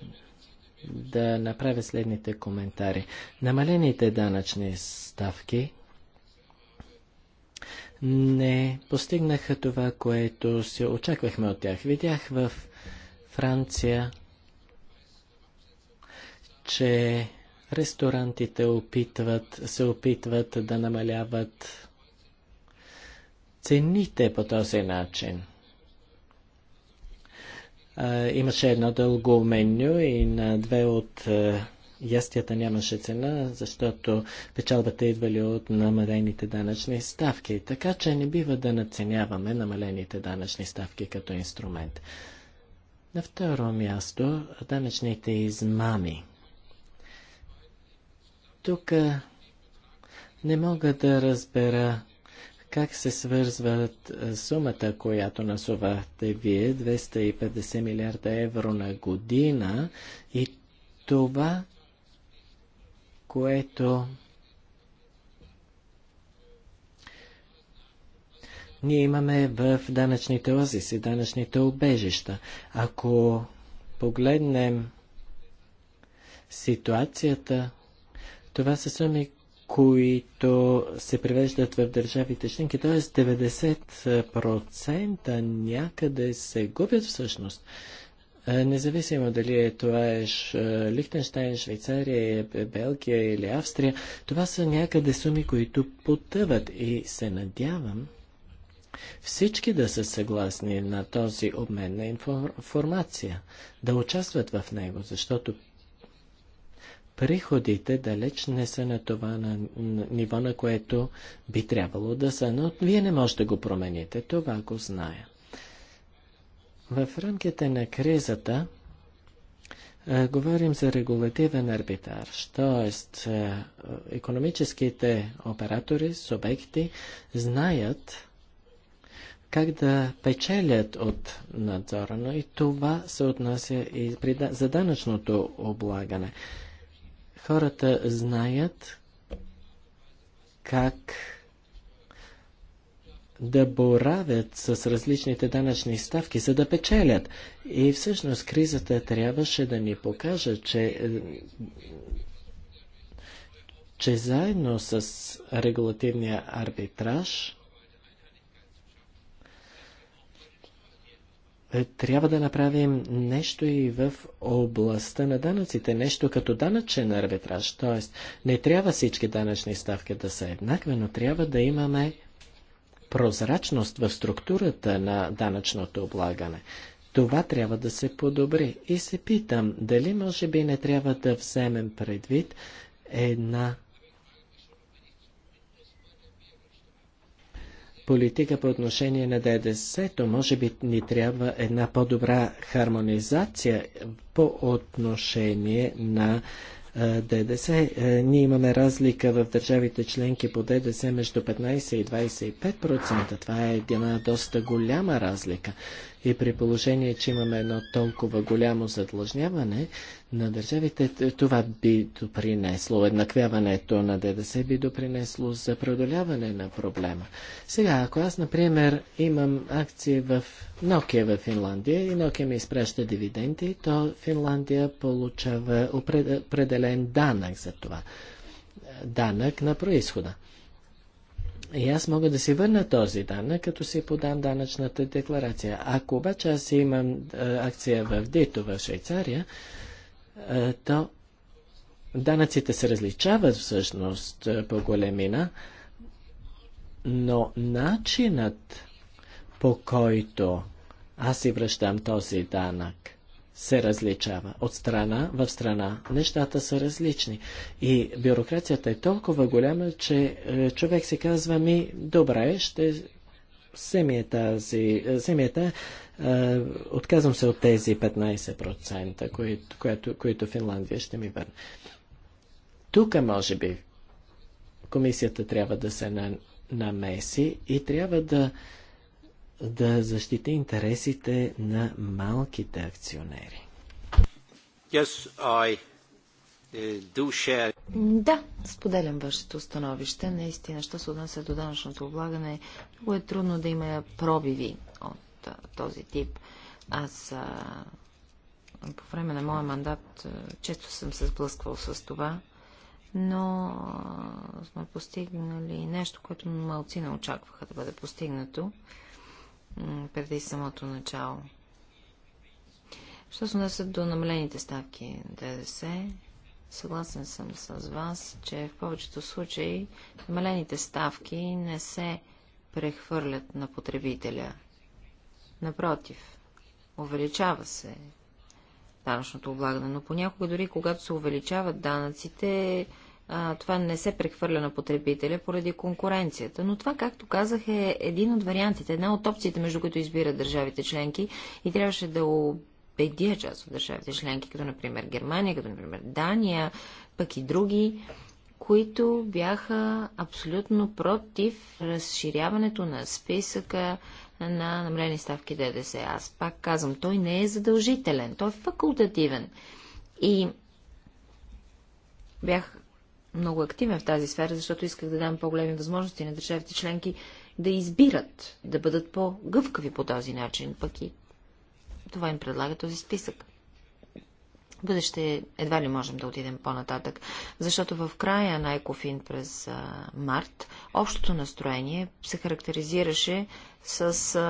да направя следните коментари. Намалените данъчни ставки не постигнаха това, което се очаквахме от тях. Видях в Франция че ресторантите опитват, се опитват да намаляват цените по този начин. А, имаше едно дълго меню и на две от а, ястията нямаше цена, защото печалбата идвали от намалените данъчни ставки. Така че не бива да наценяваме намалените данъчни ставки като инструмент. На второ място данъчните измами. Тук не мога да разбера как се свързват сумата, която насувахте вие, 250 милиарда евро на година и това, което ние имаме в данъчните озиси, данъчните обежища. Ако погледнем ситуацията това са суми, които се превеждат в държавите членки, т.е. 90% някъде се губят всъщност. Независимо дали е това е Лихтенштайн, Швейцария, е, е, Белгия или Австрия, това са някъде суми, които потъват и се надявам всички да са съгласни на този обмен на информация, да участват в него, защото приходите далеч не са на това на, ниво, на което би трябвало да са, но вие не можете да го промените, това го зная. В рамките на кризата а, говорим за регулативен арбитар. т.е. економическите оператори, субекти знаят как да печелят от надзора, но и това се отнася и при, за данъчното облагане. Хората знаят как да боравят с различните данъчни ставки, за да печелят. И всъщност кризата трябваше да ни покаже, че, че заедно с регулативния арбитраж Е, трябва да направим нещо и в областта на данъците, нещо като данъчен арбитраж, т.е. не трябва всички данъчни ставки да са еднакви, но трябва да имаме прозрачност в структурата на данъчното облагане. Това трябва да се подобри. И се питам, дали може би не трябва да вземем предвид една политика по отношение на ДДС, то може би ни трябва една по-добра хармонизация по отношение на ДДС. Ние имаме разлика в държавите членки по ДДС между 15 и 25%. Това е една доста голяма разлика. И при положение, че имаме едно толкова голямо задлъжняване на държавите, това би допринесло, еднаквяването на ДДС би допринесло за преодоляване на проблема. Сега, ако аз, например, имам акции в Nokia в Финландия и Nokia ми изпраща дивиденти, то Финландия получава определен данък за това. Данък на происхода. И аз мога да си върна този данък, като си подам данъчната декларация. Ако обаче аз имам акция в Дито в Швейцария, то данъците се различават всъщност по големина, но начинът по който аз си връщам този данък се различава. От страна в страна нещата са различни. И бюрокрацията е толкова голяма, че е, човек си казва ми, добре, ще вземи е тази, е, отказвам се от тези 15%, които, които, които Финландия ще ми върне. Тук, може би, комисията трябва да се намеси и трябва да да защити интересите на малките акционери. Yes, I eh, do share. Да, споделям вашето становище. Наистина, що се отнася до данъчното облагане, много е трудно да има пробиви от този тип. Аз а, по време на моя мандат често съм се сблъсквал с това, но сме постигнали нещо, което малци не очакваха да бъде постигнато преди самото начало. Що се нася до намалените ставки на ДДС, съгласен съм с вас, че в повечето случаи намалените ставки не се прехвърлят на потребителя. Напротив, увеличава се данъчното облагане, но понякога дори когато се увеличават данъците, а, това не се прехвърля на потребителя поради конкуренцията. Но това, както казах, е един от вариантите, една от опциите, между които избират държавите членки и трябваше да убедя част от държавите членки, като например Германия, като например Дания, пък и други, които бяха абсолютно против разширяването на списъка на намалени ставки ДДС. Аз пак казвам, той не е задължителен, той е факултативен. И бях много активен в тази сфера, защото исках да дам по-големи възможности на държавите членки да избират, да бъдат по-гъвкави по този начин, пък и това им предлага този списък. В бъдеще едва ли можем да отидем по-нататък, защото в края на Екофин през а, март общото настроение се характеризираше с а,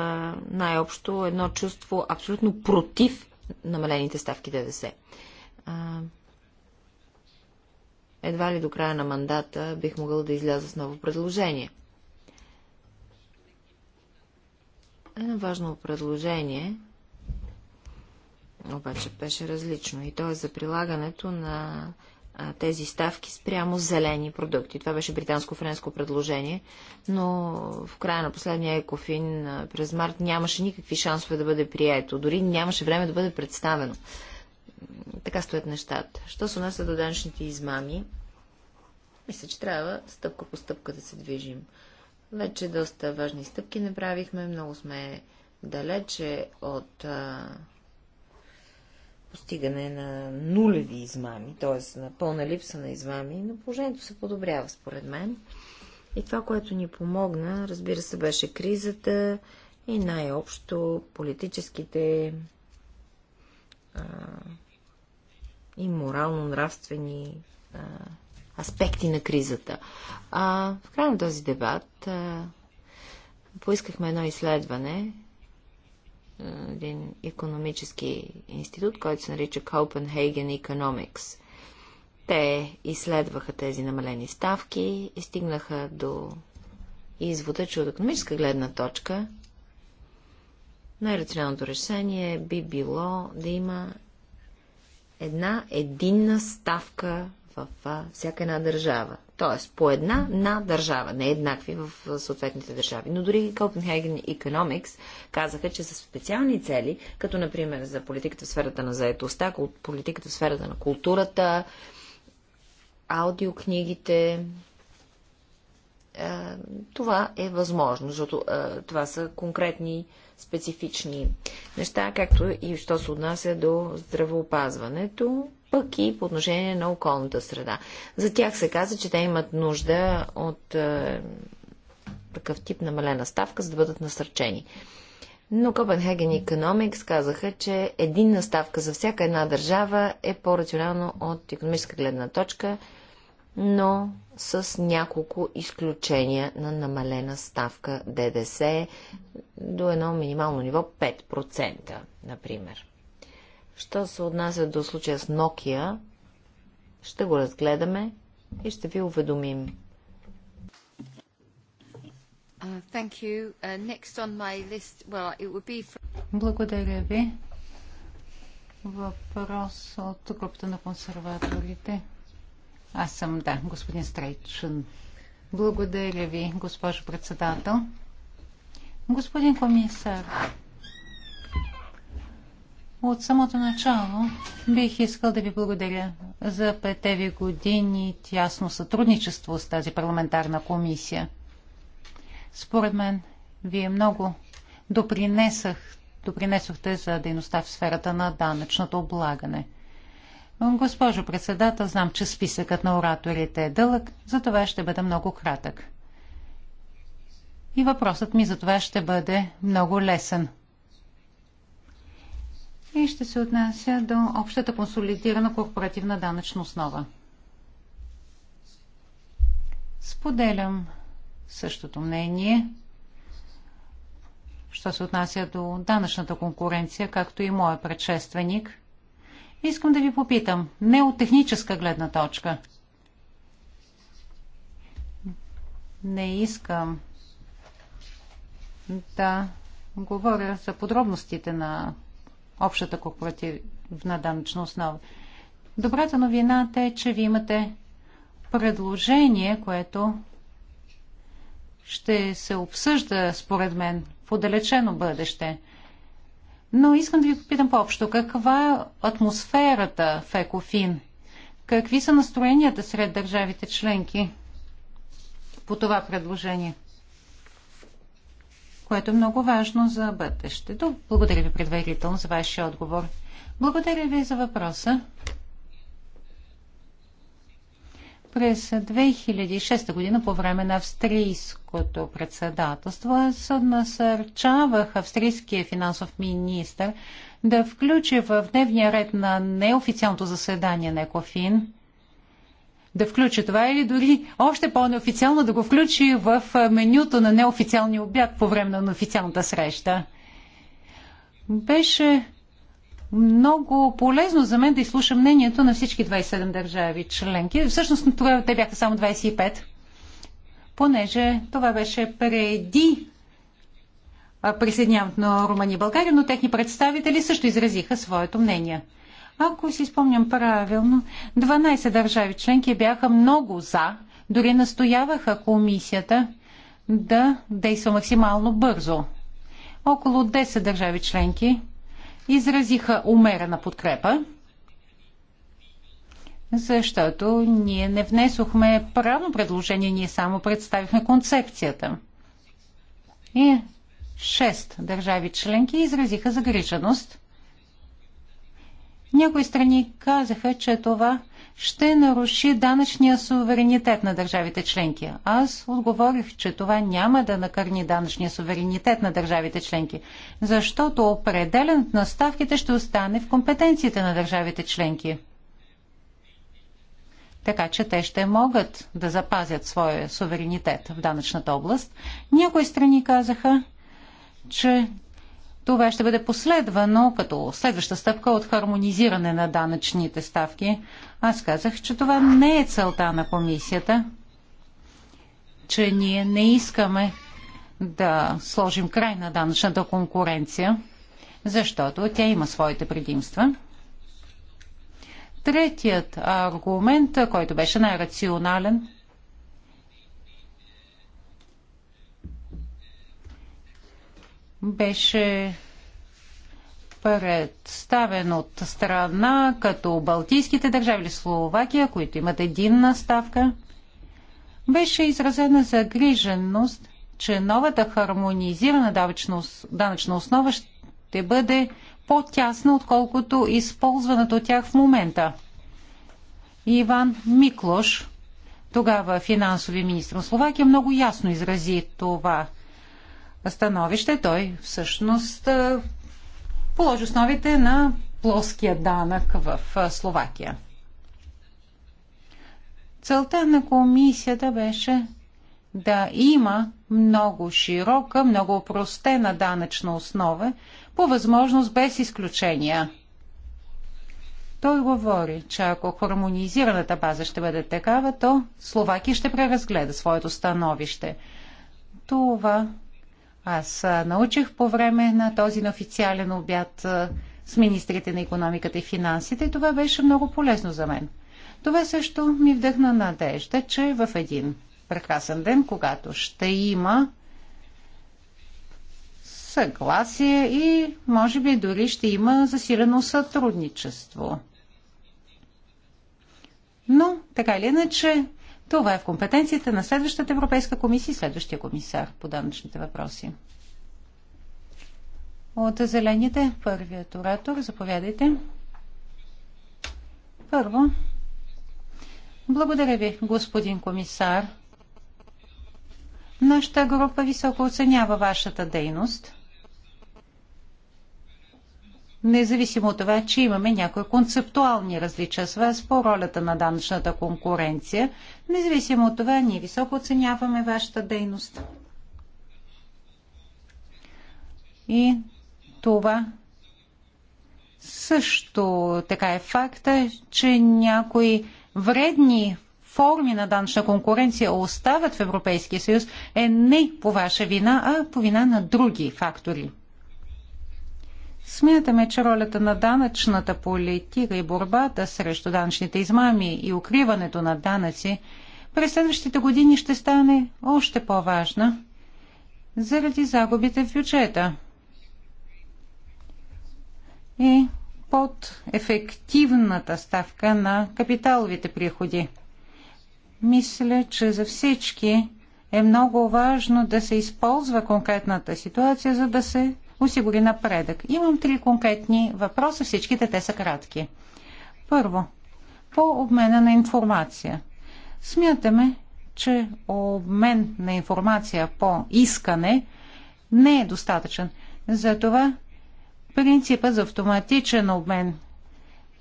най-общо едно чувство абсолютно против намалените ставки ДДС. А, едва ли до края на мандата бих могъл да изляза с ново предложение. Едно важно предложение обаче беше различно и то е за прилагането на тези ставки спрямо зелени продукти. Това беше британско-френско предложение, но в края на последния екофин през март нямаше никакви шансове да бъде прието. Дори нямаше време да бъде представено така стоят нещата. Що се отнася до данъчните измами, мисля, че трябва стъпка по стъпка да се движим. Вече доста важни стъпки направихме, много сме далече от а, постигане на нулеви измами, т.е. на пълна липса на измами, но положението се подобрява според мен. И това, което ни помогна, разбира се, беше кризата и най-общо политическите а, и морално-нравствени аспекти на кризата. А, в края на този дебат а, поискахме едно изследване, един економически институт, който се нарича Copenhagen Economics. Те изследваха тези намалени ставки и стигнаха до извода, че от економическа гледна точка най-рационалното решение би било да има една единна ставка в всяка една държава. Тоест, по една на държава, не еднакви в съответните държави. Но дори Copenhagen Economics казаха, че са специални цели, като например за политиката в сферата на заетостта, политиката в сферата на културата, аудиокнигите, е, това е възможно, защото е, това са конкретни специфични неща, както и що се отнася до здравеопазването, пък и по отношение на околната среда. За тях се каза, че те имат нужда от е, такъв тип намалена ставка, за да бъдат насърчени. Но Copenhagen Economics казаха, че единна ставка за всяка една държава е по-рационално от економическа гледна точка – но с няколко изключения на намалена ставка ДДС до едно минимално ниво 5%, например. Що се отнася до случая с Nokia, ще го разгледаме и ще ви уведомим. Uh, uh, Благодаря ви. Въпрос от групата на консерваторите. Аз съм, да, господин Стрейчен. Благодаря ви, госпожо председател. Господин комисар, от самото начало бих искал да ви благодаря за пете ви години тясно сътрудничество с тази парламентарна комисия. Според мен, вие много допринесах, допринесохте за дейността в сферата на данъчното облагане. Госпожо председател, знам, че списъкът на ораторите е дълъг, за това ще бъда много кратък. И въпросът ми за това ще бъде много лесен. И ще се отнася до общата консолидирана корпоративна данъчна основа. Споделям същото мнение, що се отнася до данъчната конкуренция, както и моя предшественик – Искам да ви попитам, не от техническа гледна точка. Не искам да говоря за подробностите на общата корпоративна данъчна основа. Добрата новината е, че ви имате предложение, което ще се обсъжда, според мен, в отдалечено бъдеще – но искам да ви попитам по-общо, каква е атмосферата в Екофин? Какви са настроенията сред държавите членки по това предложение? Което е много важно за бъдещето. Благодаря ви предварително за вашия отговор. Благодаря ви за въпроса. През 2006 година по време на австрийското председателство аз насърчавах австрийския финансов министр да включи в дневния ред на неофициалното заседание на Екофин да включи това или дори още по-неофициално да го включи в менюто на неофициалния обяд по време на официалната среща. Беше много полезно за мен да изслушам мнението на всички 27 държави членки. Всъщност тогава те бяха само 25, понеже това беше преди присъединяването на Румъния и България, но техни представители също изразиха своето мнение. Ако си спомням правилно, 12 държави членки бяха много за, дори настояваха комисията да действа максимално бързо. Около 10 държави членки изразиха умерена подкрепа, защото ние не внесохме правно предложение, ние само представихме концепцията. И шест държави членки изразиха загриженост. Някои страни казаха, че това ще наруши данъчния суверенитет на държавите членки. Аз отговорих, че това няма да накърни данъчния суверенитет на държавите членки, защото определенът на ставките ще остане в компетенциите на държавите членки. Така че те ще могат да запазят своя суверенитет в данъчната област. Някои страни казаха, че това ще бъде последвано като следваща стъпка от хармонизиране на данъчните ставки. Аз казах, че това не е целта на комисията, че ние не искаме да сложим край на данъчната конкуренция, защото тя има своите предимства. Третият аргумент, който беше най-рационален, беше представен от страна като Балтийските държави или Словакия, които имат единна ставка, беше изразена загриженост, че новата хармонизирана данъчна, основа ще бъде по-тясна, отколкото използваната от тях в момента. Иван Миклош, тогава финансови министр на Словакия, много ясно изрази това становище той всъщност положи основите на плоския данък в Словакия. Целта на комисията беше да има много широка, много опростена данъчна основа, по възможност без изключения. Той говори, че ако хармонизираната база ще бъде такава, то Словакия ще преразгледа своето становище. Това аз научих по време на този неофициален обяд с министрите на економиката и финансите и това беше много полезно за мен. Това също ми вдъхна надежда, че в един прекрасен ден, когато ще има съгласие и може би дори ще има засилено сътрудничество. Но, така или иначе, това е в компетенцията на следващата Европейска комисия и следващия комисар по данъчните въпроси. От зелените, първият оратор, заповядайте. Първо, благодаря ви, господин комисар. Нашата група високо оценява вашата дейност – независимо от това, че имаме някои концептуални различия с вас по ролята на данъчната конкуренция. Независимо от това, ние високо оценяваме вашата дейност. И това също така е факта, че някои вредни форми на данъчна конкуренция остават в Европейския съюз е не по ваша вина, а по вина на други фактори. Смятаме, че ролята на данъчната политика и борбата срещу данъчните измами и укриването на данъци през следващите години ще стане още по-важна заради загубите в бюджета и под ефективната ставка на капиталовите приходи. Мисля, че за всички е много важно да се използва конкретната ситуация, за да се осигури напредък. Имам три конкретни въпроса, всичките те са кратки. Първо, по обмена на информация. Смятаме, че обмен на информация по искане не е достатъчен. Затова принципът за автоматичен обмен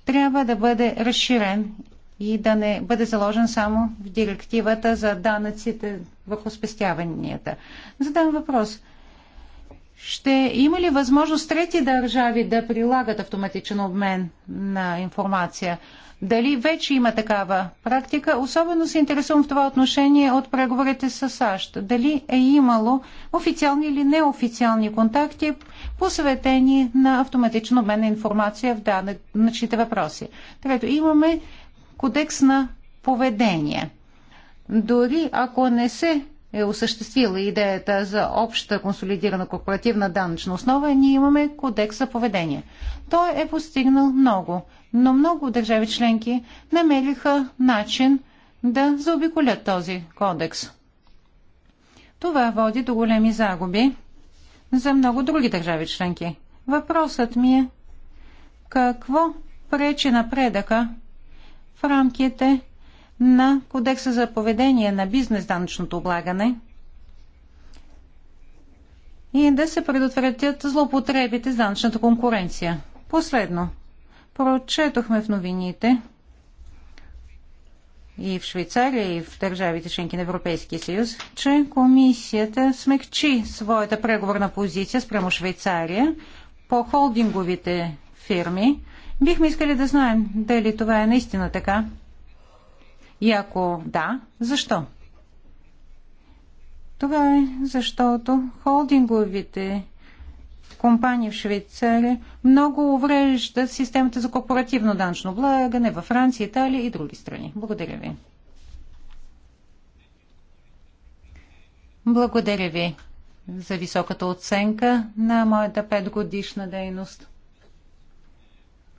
трябва да бъде разширен и да не бъде заложен само в директивата за данъците върху спестяванията. Задам въпрос. Ще има ли възможност трети държави да прилагат автоматичен обмен на информация? Дали вече има такава практика? Особено се интересувам в това отношение от преговорите с САЩ. Дали е имало официални или неофициални контакти, посветени на автоматично обмен на информация в данъчните въпроси? Трето, имаме кодекс на поведение. Дори ако не се е осъществила идеята за обща консолидирана корпоративна данъчна основа, ние имаме кодекс за поведение. Той е постигнал много, но много държави членки намериха начин да заобиколят този кодекс. Това води до големи загуби за много други държави членки. Въпросът ми е какво пречи напредъка в рамките на Кодекса за поведение на бизнес данъчното облагане и да се предотвратят злоупотребите с данъчната конкуренция. Последно, прочетохме в новините и в Швейцария, и в държавите членки на Европейския съюз, че комисията смекчи своята преговорна позиция спрямо Швейцария по холдинговите фирми. Бихме искали да знаем дали това е наистина така. И ако да, защо? Това е защото холдинговите компании в Швейцария много увреждат системата за корпоративно данчно облагане във Франция, Италия и други страни. Благодаря ви. Благодаря ви за високата оценка на моята петгодишна дейност.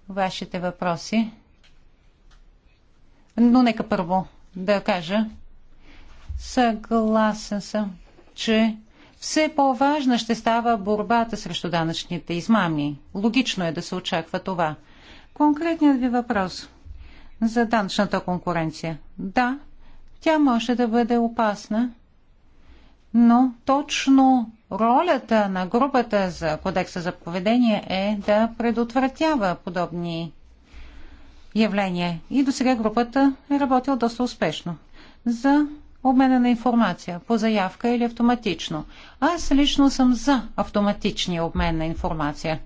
Вашите въпроси но нека първо да кажа, съгласен съм, че все по-важна ще става борбата срещу данъчните измами. Логично е да се очаква това. Конкретният ви въпрос за данъчната конкуренция. Да, тя може да бъде опасна, но точно ролята на групата за кодекса за поведение е да предотвратява подобни явление. И до сега групата е работила доста успешно. За обмена на информация по заявка или автоматично. Аз лично съм за автоматичния обмен на информация.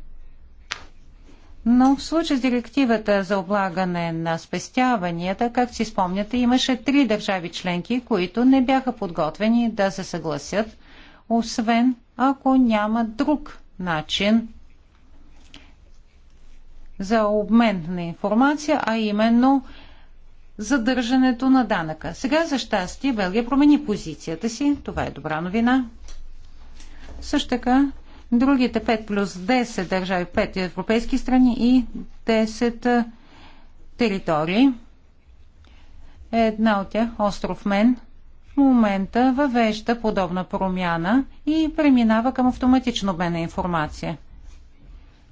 Но в случай с директивата за облагане на спестяванията, както си спомняте, имаше три държави членки, които не бяха подготвени да се съгласят, освен ако няма друг начин за обмен на информация, а именно задържането на данъка. Сега, за щастие, Белгия промени позицията си. Това е добра новина. Също така, другите 5 плюс 10 държави, 5 европейски страни и 10 територии. Една от тях, остров Мен, в момента въвежда подобна промяна и преминава към автоматично обмен на информация.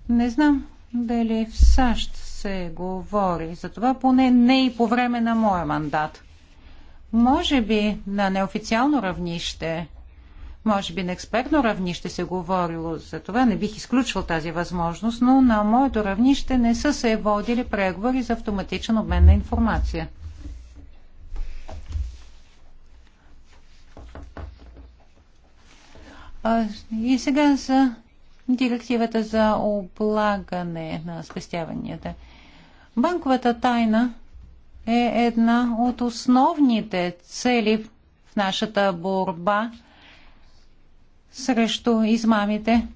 Не знам дали в САЩ се говори за това, поне не и по време на моя мандат. Може би на неофициално равнище, може би на експертно равнище се говорило за това, не бих изключвал тази възможност, но на моето равнище не са се водили преговори за автоматичен обмен на информация. А, и сега за директивата за облагане на спестяванията. Банковата тайна е една от основните цели в нашата борба срещу измамите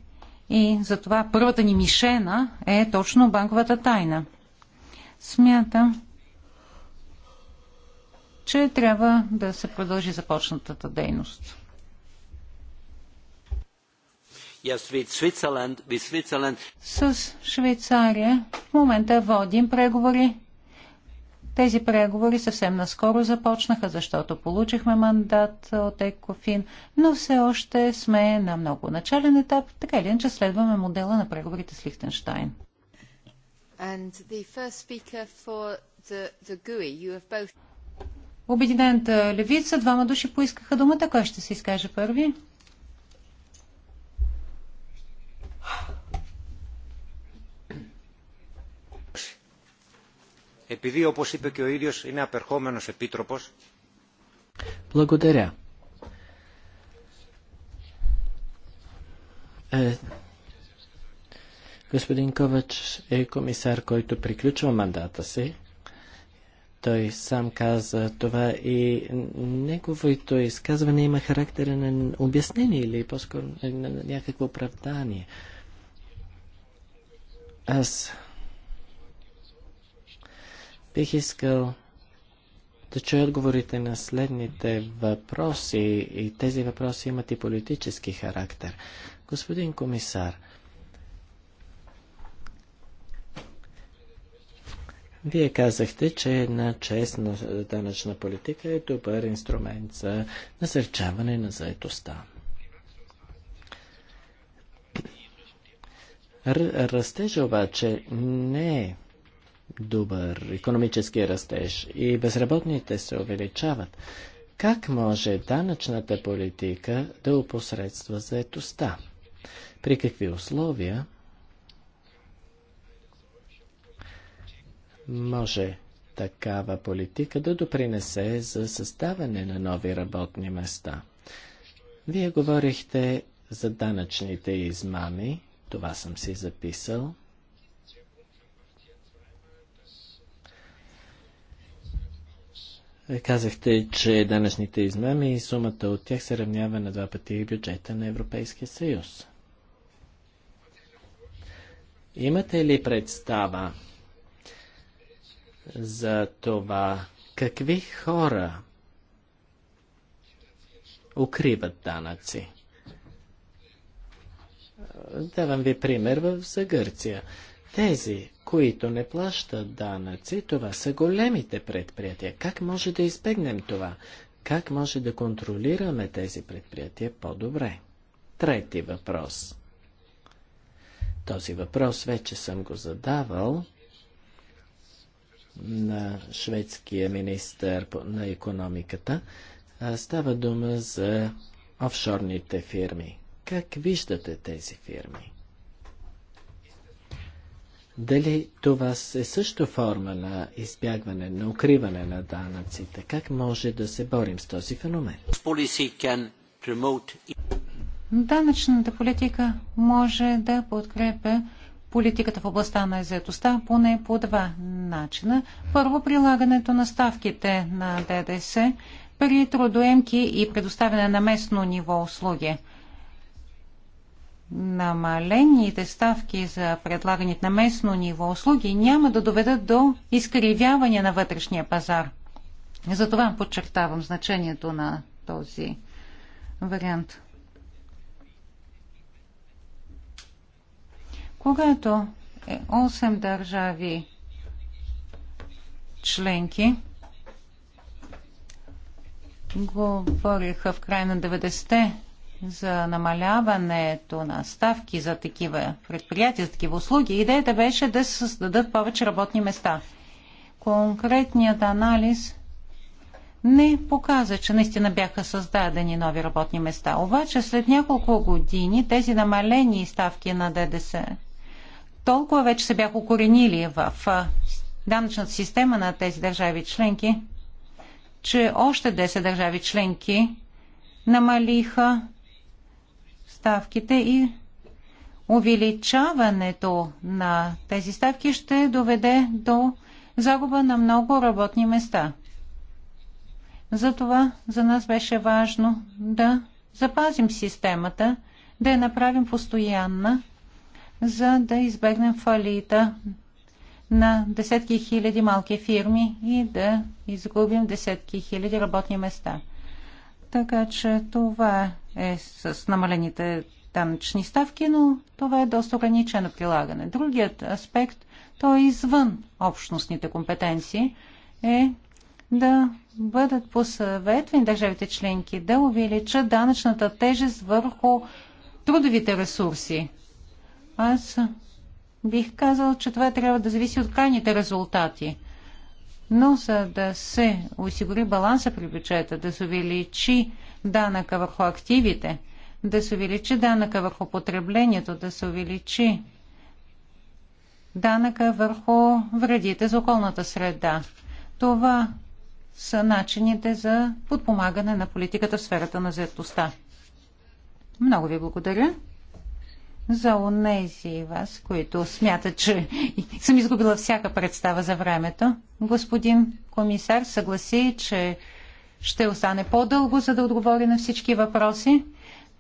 и затова първата ни мишена е точно банковата тайна. Смятам, че трябва да се продължи започнатата дейност. С Швейцария в момента водим преговори. Тези преговори съвсем наскоро започнаха, защото получихме мандат от Екофин, но все още сме на много начален етап, така или иначе следваме модела на преговорите с Лихтенштайн. Both... Обединената левица, двама души поискаха думата. Кой ще се изкаже първи? Επειδή, όπως είπε και ο ίδιος, είναι απερχόμενος επίτροπος. Благодаря. Е, господин Ковач е комисар, който приключва мандата си. Той сам каза това и неговото изказване има характера на обяснение или по-скоро на някакво оправдание. Аз бих искал да чуя отговорите на следните въпроси и тези въпроси имат и политически характер. Господин комисар, Вие казахте, че една честна данъчна политика е добър инструмент за насърчаване на заетостта. Растеж обаче не е добър економически растеж и безработните се увеличават. Как може данъчната политика да опосредства заетостта? При какви условия може такава политика да допринесе за съставане на нови работни места? Вие говорихте за данъчните измами това съм си записал. Казахте, че данъчните измами и сумата от тях се равнява на два пъти бюджета на Европейския съюз. Имате ли представа за това какви хора укриват данъци? Давам ви пример в, за Гърция. Тези, които не плащат данъци, това са големите предприятия. Как може да избегнем това? Как може да контролираме тези предприятия по-добре? Трети въпрос. Този въпрос вече съм го задавал на шведския министър на економиката. Става дума за офшорните фирми. Как виждате тези фирми? Дали това е също форма на избягване, на укриване на данъците? Как може да се борим с този феномен? Данъчната политика може да подкрепя политиката в областта на заедостта поне по два начина. Първо, прилагането на ставките на ДДС при трудоемки и предоставяне на местно ниво услуги – намалените ставки за предлаганите на местно ниво услуги няма да доведат до изкривяване на вътрешния пазар. Затова подчертавам значението на този вариант. Когато 8 е държави членки говориха в края на 90-те за намаляването на ставки за такива предприятия, за такива услуги, идеята беше да се създадат повече работни места. Конкретният анализ не показа, че наистина бяха създадени нови работни места. Обаче след няколко години тези намалени ставки на ДДС толкова вече се бяха укоренили в данъчната система на тези държави членки, че още 10 държави членки намалиха ставките и увеличаването на тези ставки ще доведе до загуба на много работни места. Затова за нас беше важно да запазим системата, да я направим постоянна, за да избегнем фалита на десетки хиляди малки фирми и да изгубим десетки хиляди работни места. Така че това е е с намалените данъчни ставки, но това е доста ограничено прилагане. Другият аспект, той е извън общностните компетенции, е да бъдат посъветвани държавите членки да увеличат данъчната тежест върху трудовите ресурси. Аз бих казал, че това трябва да зависи от крайните резултати. Но за да се осигури баланса при бюджета, да се увеличи данъка върху активите, да се увеличи данъка върху потреблението, да се увеличи данъка върху вредите за околната среда. Това са начините за подпомагане на политиката в сферата на заедостта. Много ви благодаря за и вас, които смятат, че съм изгубила всяка представа за времето. Господин комисар съгласи, че ще остане по-дълго, за да отговори на всички въпроси.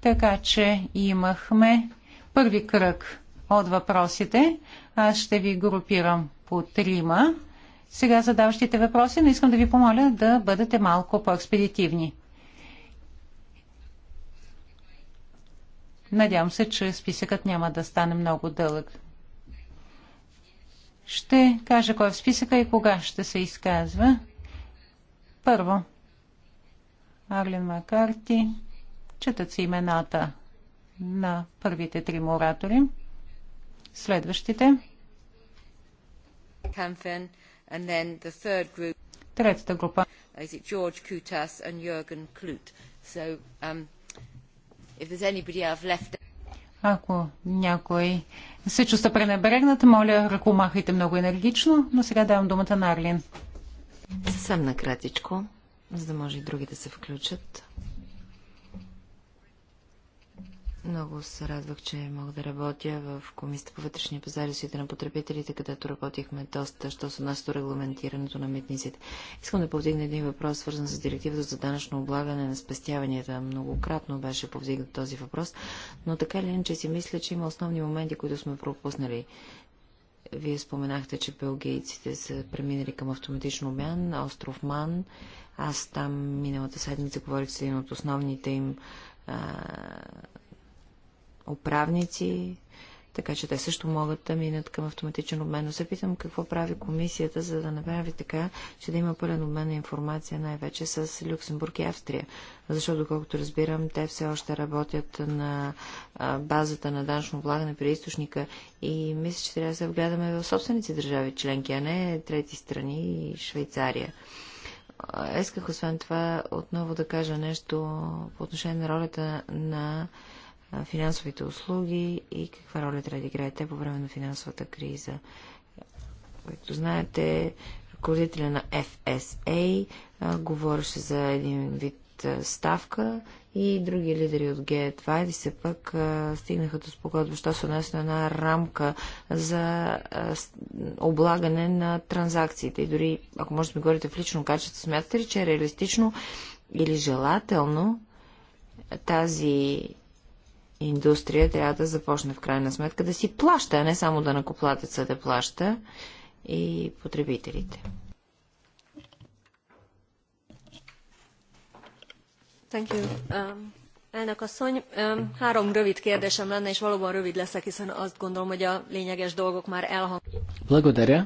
Така че имахме първи кръг от въпросите. Аз ще ви групирам по трима. Сега задаващите въпроси, но искам да ви помоля да бъдете малко по-експедитивни. Надявам се, че списъкът няма да стане много дълъг. Ще кажа кой е в списъка и кога ще се изказва. Първо, Арлен Макарти. Четат се имената на първите три моратори. Следващите. Камфен, and then the third group. Третата група. Is it George Kutas and Jürgen Klut? So, um, if there's anybody I've left... Ако някой се чувства пренебрегнат, моля, ръкомахайте много енергично, но сега давам думата на Арлин. Съвсем накратичко за да може и други да се включат. Много се радвах, че мога да работя в Комисията по вътрешния пазар и на потребителите, където работихме доста, що се нас до регламентирането на митниците. Искам да повдигна един въпрос, свързан с директивата за данъчно облагане на спестяванията. Многократно беше повдигнат този въпрос, но така или иначе си мисля, че има основни моменти, които сме пропуснали. Вие споменахте, че белгийците са преминали към автоматичен обмян, остров Ман аз там миналата седмица говорих с един от основните им а, управници, така че те също могат да минат към автоматичен обмен. Но се питам какво прави комисията, за да направи така, че да има пълен обмен на информация най-вече с Люксембург и Австрия. Защото, доколкото разбирам, те все още работят на базата на данъчно облагане при източника и мисля, че трябва да се вгледаме в собственици държави членки, а не трети страни и Швейцария исках освен това отново да кажа нещо по отношение на ролята на финансовите услуги и каква роля трябва да играете по време на финансовата криза. Както знаете, ръководителя на FSA говореше за един вид ставка, и други лидери от Г20 пък стигнаха до спогодба, що се отнася на една рамка за облагане на транзакциите. И дори, ако може да ми говорите в лично качество, смятате ли, че е реалистично или желателно тази индустрия трябва да започне в крайна сметка да си плаща, а не само да накоплатеца да плаща и потребителите? Thank you. Um, elnök asszony, um, három rövid kérdésem lenne, és valóban rövid leszek, hiszen azt gondolom, hogy a lényeges dolgok már elhangzottak. Благодаря.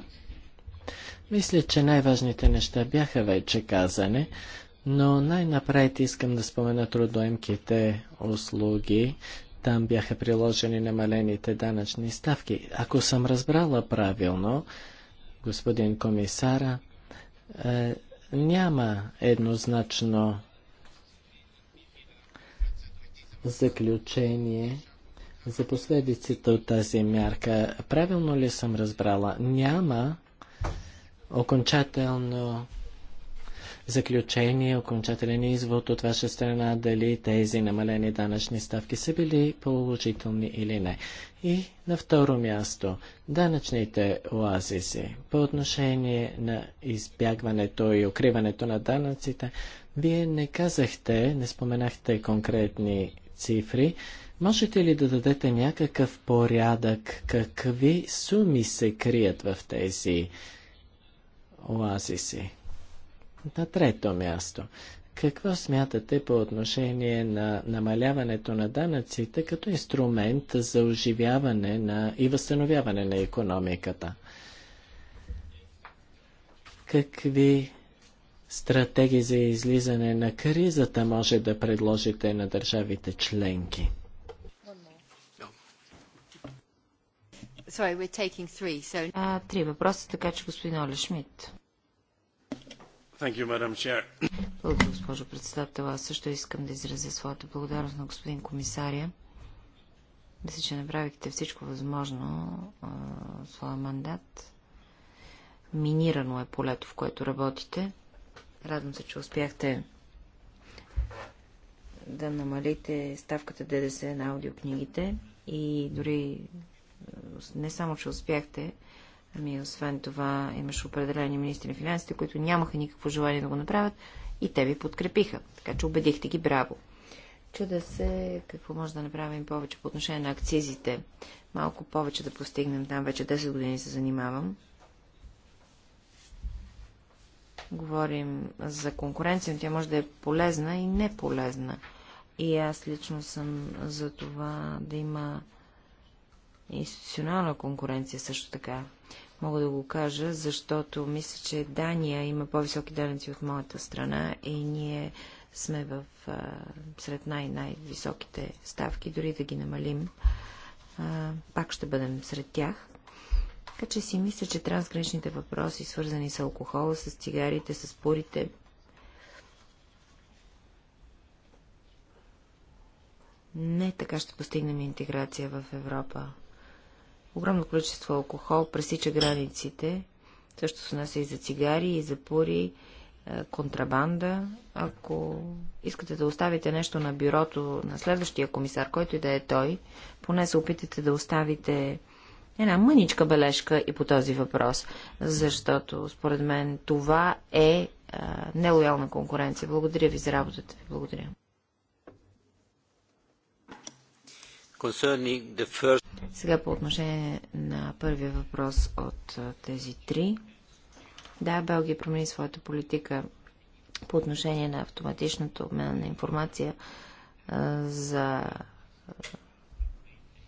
Мисля, че най-важните неща бяха вече казани, но най-напред искам да спомена трудоемките услуги. Там бяха приложени намалените данъчни ставки. Ако съм разбрала правилно, господин комисара, е, няма еднозначно заключение за последиците от тази мярка. Правилно ли съм разбрала? Няма окончателно заключение, окончателен извод от ваша страна, дали тези намалени данъчни ставки са били положителни или не. И на второ място, данъчните оазиси. По отношение на избягването и укриването на данъците, вие не казахте, не споменахте конкретни цифри. Можете ли да дадете някакъв порядък, какви суми се крият в тези оазиси? На трето място. Какво смятате по отношение на намаляването на данъците като инструмент за оживяване на и възстановяване на економиката? Какви стратегии за излизане на кризата може да предложите на държавите членки? Sorry, three, so... три въпроса, така че господин Оле Шмидт. You, Благодаря, госпожо председател. Аз също искам да изразя своята благодарност на господин комисария. Мисля, че направихте всичко възможно а, своя мандат. Минирано е полето, в което работите. Радвам се, че успяхте да намалите ставката ДДС на аудиокнигите и дори е, не само, че успяхте, ами освен това имаше определени министри на финансите, които нямаха никакво желание да го направят и те ви подкрепиха. Така че убедихте ги, браво. Чуда се какво може да направим повече по отношение на акцизите. Малко повече да постигнем там. Вече 10 години се занимавам. Говорим за конкуренция, но тя може да е полезна и не полезна. И аз лично съм за това да има институционална конкуренция също така. Мога да го кажа, защото мисля, че Дания има по-високи данъци от моята страна и ние сме в, а, сред най-най-високите ставки, дори да ги намалим, а, пак ще бъдем сред тях. Така че си мисля, че трансграничните въпроси, свързани с алкохола, с цигарите, с порите. не така ще постигнем интеграция в Европа. Огромно количество алкохол пресича границите. Също се нася и за цигари, и за пури, е, контрабанда. Ако искате да оставите нещо на бюрото на следващия комисар, който и да е той, поне се опитате да оставите една мъничка бележка и по този въпрос, защото според мен това е а, е, нелоялна конкуренция. Благодаря ви за работата. Благодаря. Сега по отношение на първия въпрос от е, тези три. Да, Белгия промени своята политика по отношение на автоматичната обмена на информация е, за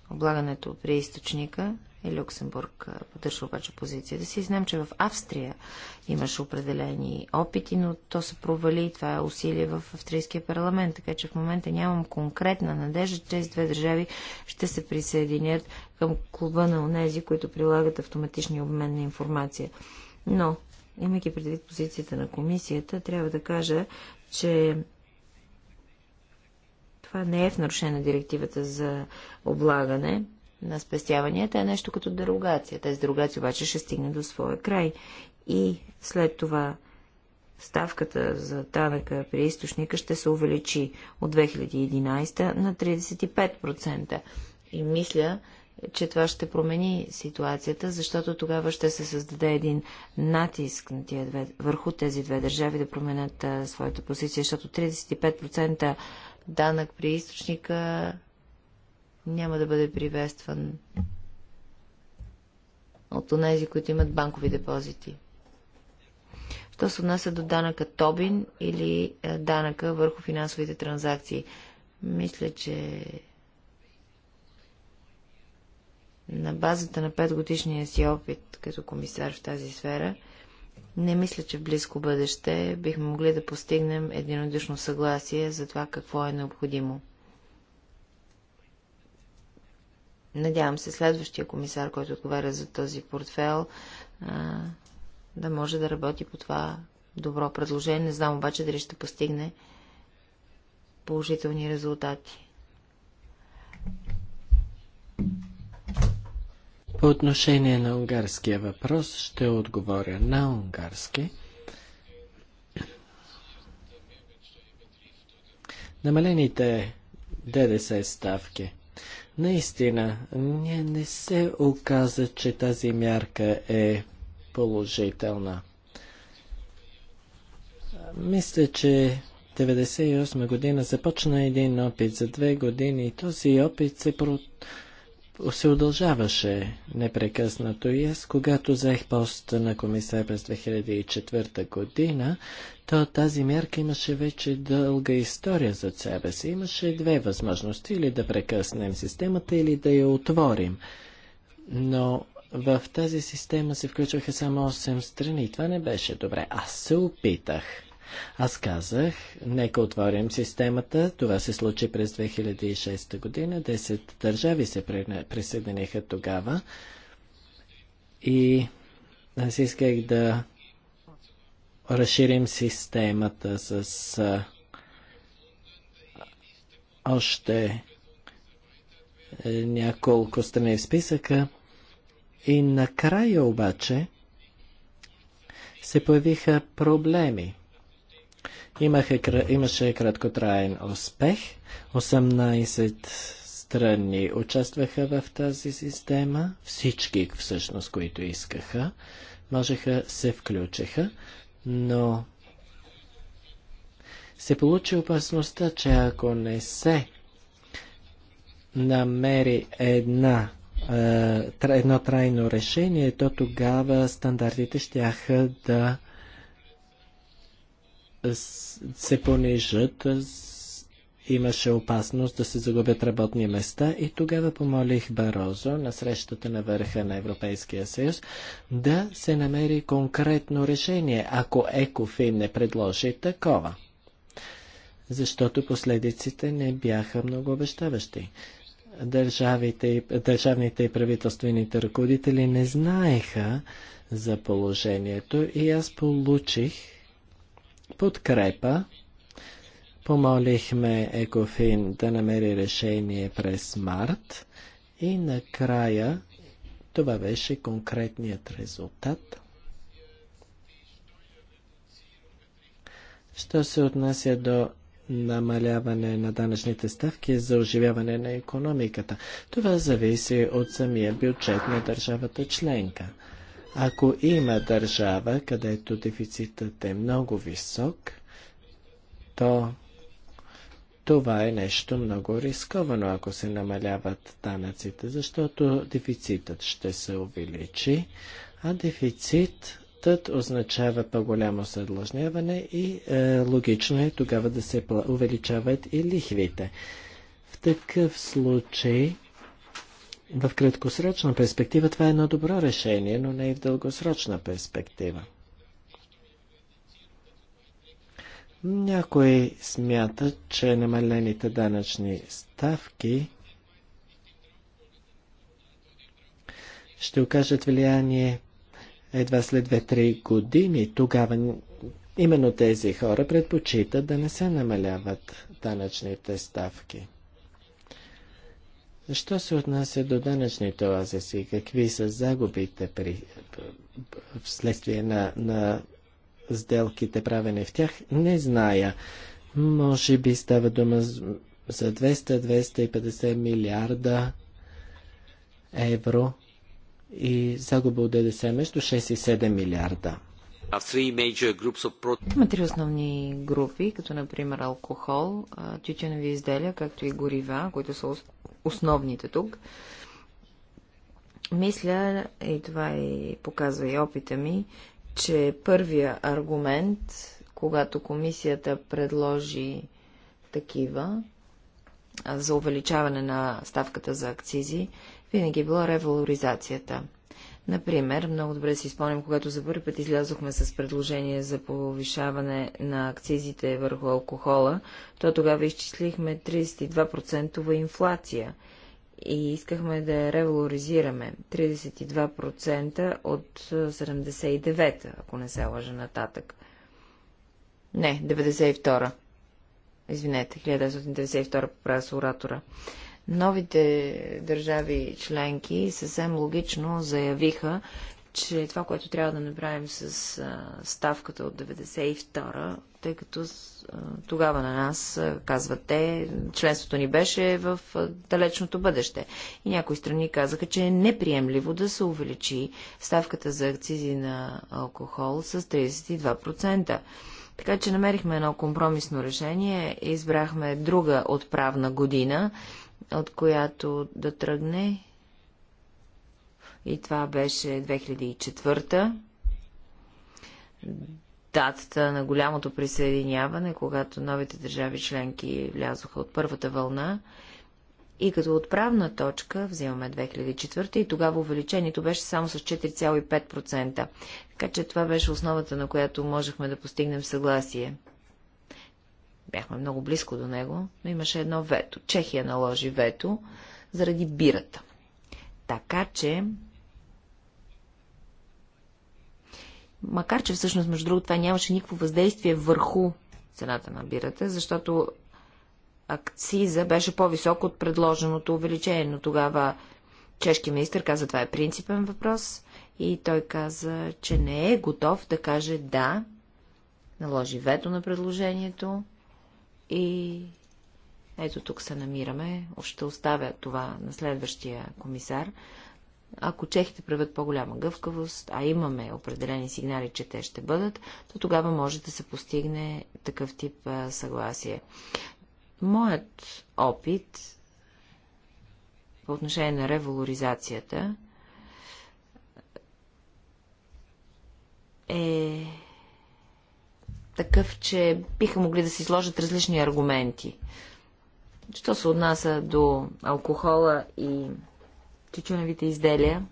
облагането при източника и Люксембург поддържа обаче позицията си Знам, че в Австрия имаше определени опити, но то се провали и това е усилие в австрийския парламент. Така че в момента нямам конкретна надежда, че тези две държави ще се присъединят към клуба на онези, които прилагат автоматичния обмен на информация. Но, имайки предвид позицията на комисията, трябва да кажа, че това не е в нарушение на директивата за облагане, на спестяванията е нещо като дерогация. Тази дерогация обаче ще стигне до своя край. И след това ставката за данъка при източника ще се увеличи от 2011 на 35%. И мисля, че това ще промени ситуацията, защото тогава ще се създаде един натиск на тия две, върху тези две държави да променят а, своята позиция, защото 35% данък при източника няма да бъде приветстван от онези, които имат банкови депозити. Що се отнася до данъка Тобин или е, данъка върху финансовите транзакции? Мисля, че на базата на 5 годишния си опит като комисар в тази сфера, не мисля, че в близко бъдеще бихме могли да постигнем единодушно съгласие за това какво е необходимо. Надявам се следващия комисар, който отговаря за този портфел, да може да работи по това добро предложение. Не знам обаче дали ще постигне положителни резултати. По отношение на унгарския въпрос ще отговоря на унгарски. Намалените ДДС ставки Наистина, ние не се оказа, че тази мярка е положителна. Мисля, че 1998 година започна един опит за две години и този опит се, про се удължаваше непрекъснато и аз, когато заех пост на комисар през 2004 година, то тази мярка имаше вече дълга история за себе си. Имаше две възможности или да прекъснем системата, или да я отворим. Но в тази система се включваха само 8 страни. Това не беше добре. Аз се опитах аз казах, нека отворим системата. Това се случи през 2006 година. 10 държави се присъединиха тогава. И аз исках да разширим системата с още е, няколко страни в списъка. И накрая обаче се появиха проблеми. Имаха, имаше краткотраен успех. 18 страни участваха в тази система. Всички, всъщност, които искаха, можеха, се включиха, но се получи опасността, че ако не се намери една, е, едно трайно решение, то тогава стандартите ще да се понижат, имаше опасност да се загубят работни места и тогава помолих Барозо на срещата на върха на Европейския съюз да се намери конкретно решение, ако Екофин не предложи такова. Защото последиците не бяха много обещаващи. Държавите, държавните и правителствените ръководители не знаеха за положението и аз получих подкрепа. Помолихме Екофин да намери решение през март и накрая това беше конкретният резултат. Що се отнася до намаляване на данъчните ставки за оживяване на економиката. Това зависи от самия бюджет на държавата членка. Ако има държава, където дефицитът е много висок, то това е нещо много рисковано, ако се намаляват данъците, защото дефицитът ще се увеличи, а дефицитът означава по-голямо съдлъжняване и е, логично е тогава да се увеличават и лихвите. В такъв случай в краткосрочна перспектива това е едно добро решение, но не и в дългосрочна перспектива. Някои смятат, че намалените данъчни ставки ще окажат влияние едва след 2-3 години. Тогава именно тези хора предпочитат да не се намаляват данъчните ставки. Що се отнася до данъчните оазиси? Какви са загубите при, вследствие на, на сделките правени в тях? Не зная. Може би става дума за 200-250 милиарда евро и загуба от ДДС между 6 и 7 милиарда. Има три основни групи, като например алкохол, тютюневи изделия, както и горива, които са основните тук. Мисля, и това и показва и опита ми, че първия аргумент, когато комисията предложи такива за увеличаване на ставката за акцизи, винаги е била револоризацията – Например, много добре си спомням, когато за първи път излязохме с предложение за повишаване на акцизите върху алкохола, то тогава изчислихме 32% инфлация и искахме да я 32% от 79, ако не се лъжа нататък. Не, 92. Извинете, 1992 поправя с оратора. Новите държави членки съвсем логично заявиха, че това, което трябва да направим с ставката от 92-а, тъй като тогава на нас, казват те, членството ни беше в далечното бъдеще. И някои страни казаха, че е неприемливо да се увеличи ставката за акцизи на алкохол с 32%. Така че намерихме едно компромисно решение, избрахме друга отправна година от която да тръгне. И това беше 2004. -та. Датата на голямото присъединяване, когато новите държави членки влязоха от първата вълна. И като отправна точка взимаме 2004 и тогава увеличението беше само с 4,5%. Така че това беше основата, на която можехме да постигнем съгласие бяхме много близко до него, но имаше едно вето. Чехия наложи вето заради бирата. Така че макар че всъщност, между другото, това нямаше никакво въздействие върху цената на бирата, защото акциза беше по-висок от предложеното увеличение, но тогава чешки министр каза, това е принципен въпрос и той каза, че не е готов да каже да, наложи вето на предложението и ето тук се намираме. Ще оставя това на следващия комисар. Ако чехите правят по-голяма гъвкавост, а имаме определени сигнали, че те ще бъдат, то тогава може да се постигне такъв тип съгласие. Моят опит по отношение на револоризацията е такъв, че биха могли да се изложат различни аргументи. Що се отнася до алкохола и чечуневите изделия,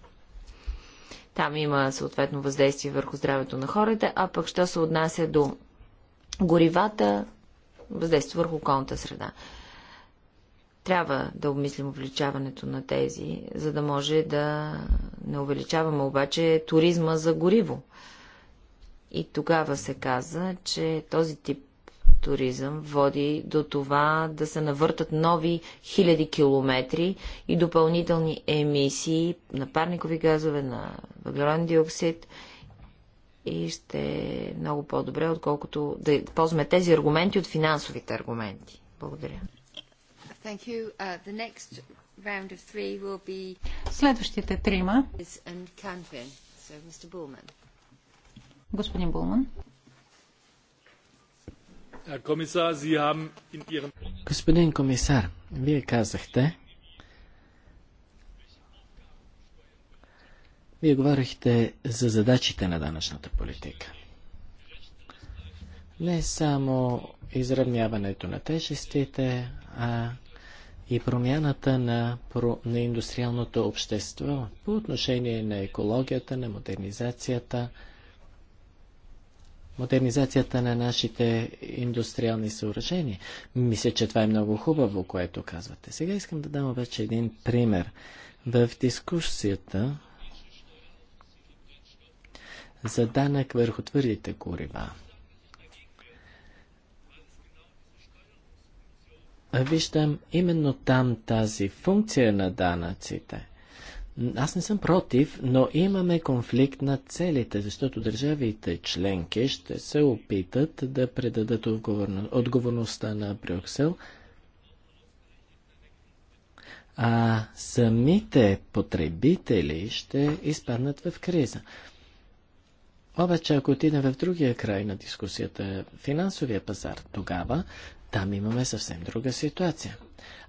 там има съответно въздействие върху здравето на хората, а пък що се отнася до горивата, въздействие върху околната среда. Трябва да обмислим увеличаването на тези, за да може да не увеличаваме обаче туризма за гориво. И тогава се каза, че този тип туризъм води до това да се навъртат нови хиляди километри и допълнителни емисии на парникови газове, на въглероден диоксид и ще е много по-добре, отколкото да ползваме тези аргументи от финансовите аргументи. Благодаря. Uh, be... Следващите трима. So, Господин Булман. Господин комисар, вие казахте, вие говорихте за задачите на данъчната политика. Не само изравняването на тежестите, а и промяната на, на индустриалното общество по отношение на екологията, на модернизацията – модернизацията на нашите индустриални съоръжения. Мисля, че това е много хубаво, което казвате. Сега искам да дам обаче един пример. В дискусията за данък върху твърдите горива. Виждам именно там тази функция на данъците. Аз не съм против, но имаме конфликт на целите, защото държавите членки ще се опитат да предадат отговорността на Брюксел, а самите потребители ще изпаднат в криза. Обаче, ако отидем в другия край на дискусията, финансовия пазар, тогава там имаме съвсем друга ситуация.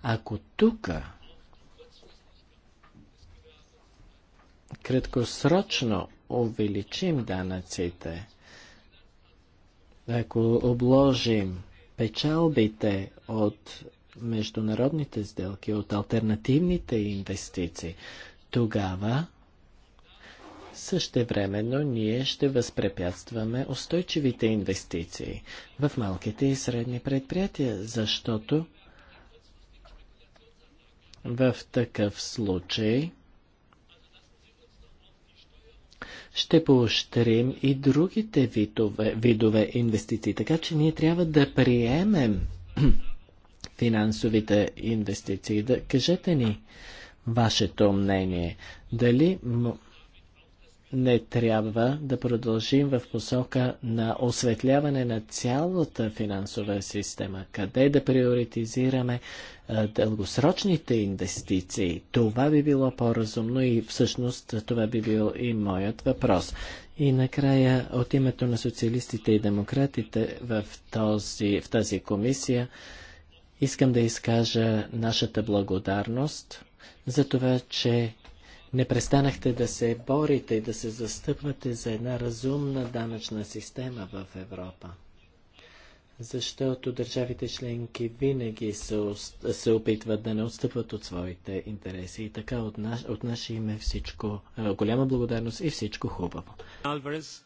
Ако тук краткосрочно увеличим данъците, ако обложим печалбите от международните сделки, от альтернативните инвестиции, тогава същевременно ние ще възпрепятстваме устойчивите инвестиции в малките и средни предприятия, защото в такъв случай – ще поощрим и другите видове, видове инвестиции. Така че ние трябва да приемем финансовите инвестиции. Да, кажете ни вашето мнение. Дали не трябва да продължим в посока на осветляване на цялата финансова система, къде да приоритизираме дългосрочните инвестиции. Това би било по-разумно и всъщност това би бил и моят въпрос. И накрая от името на социалистите и демократите в, този, в тази комисия искам да изкажа нашата благодарност за това, че не престанахте да се борите и да се застъпвате за една разумна данъчна система в Европа. Защото държавите членки винаги се, се опитват да не отстъпват от своите интереси. И така от, наш, от наше име всичко, е, голяма благодарност и всичко хубаво. Алварес.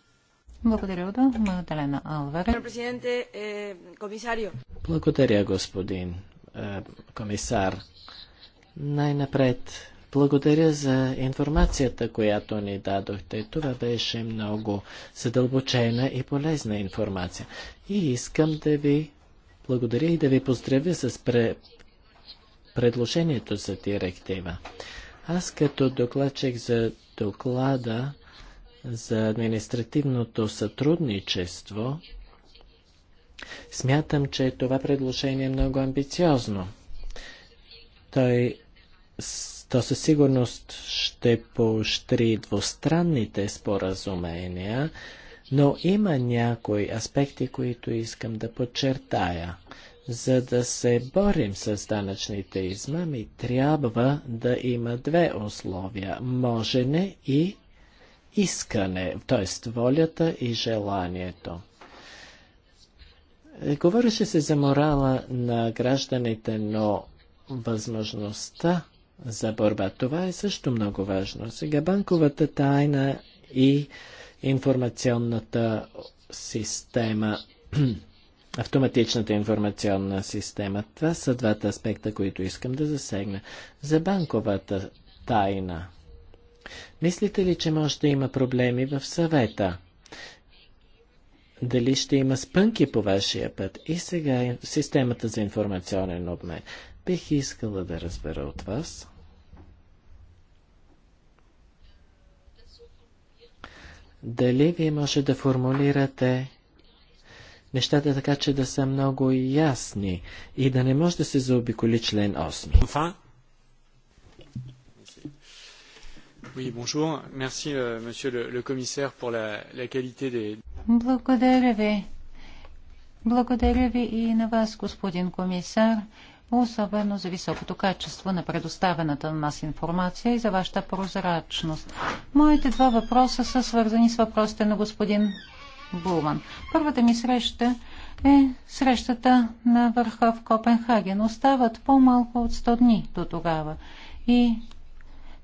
Благодаря, Ода. Магдалена Алварес. Eh, Благодаря, господин е, комисар. Най-напред благодаря за информацията, която ни дадохте. Това беше много задълбочена и полезна информация. И искам да ви благодаря и да ви поздравя с пре... предложението за директива. Аз като докладчик за доклада за административното сътрудничество, смятам, че това предложение е много амбициозно. Той то със сигурност ще поощри двустранните споразумения, но има някои аспекти, които искам да подчертая. За да се борим с данъчните измами, трябва да има две условия – можене и искане, т.е. волята и желанието. Говореше се за морала на гражданите, но възможността за борба. Това е също много важно. Сега банковата тайна и информационната система, автоматичната информационна система. Това са двата аспекта, които искам да засегна. За банковата тайна. Мислите ли, че може да има проблеми в съвета? Дали ще има спънки по вашия път? И сега е системата за информационен обмен. Бих искала да разбера от вас. Дали ви може да формулирате нещата така, че да са много ясни и да не може да се заобиколи член 8? Oui, bonjour. Merci, euh, monsieur le, le commissaire, pour la, la qualité des... Благодаря ви. Благодаря ви и на вас, господин комисар, особено за високото качество на предоставената на нас информация и за вашата прозрачност. Моите два въпроса са свързани с въпросите на господин Булман. Първата ми среща е срещата на върха в Копенхаген. Остават по-малко от 100 дни до тогава. И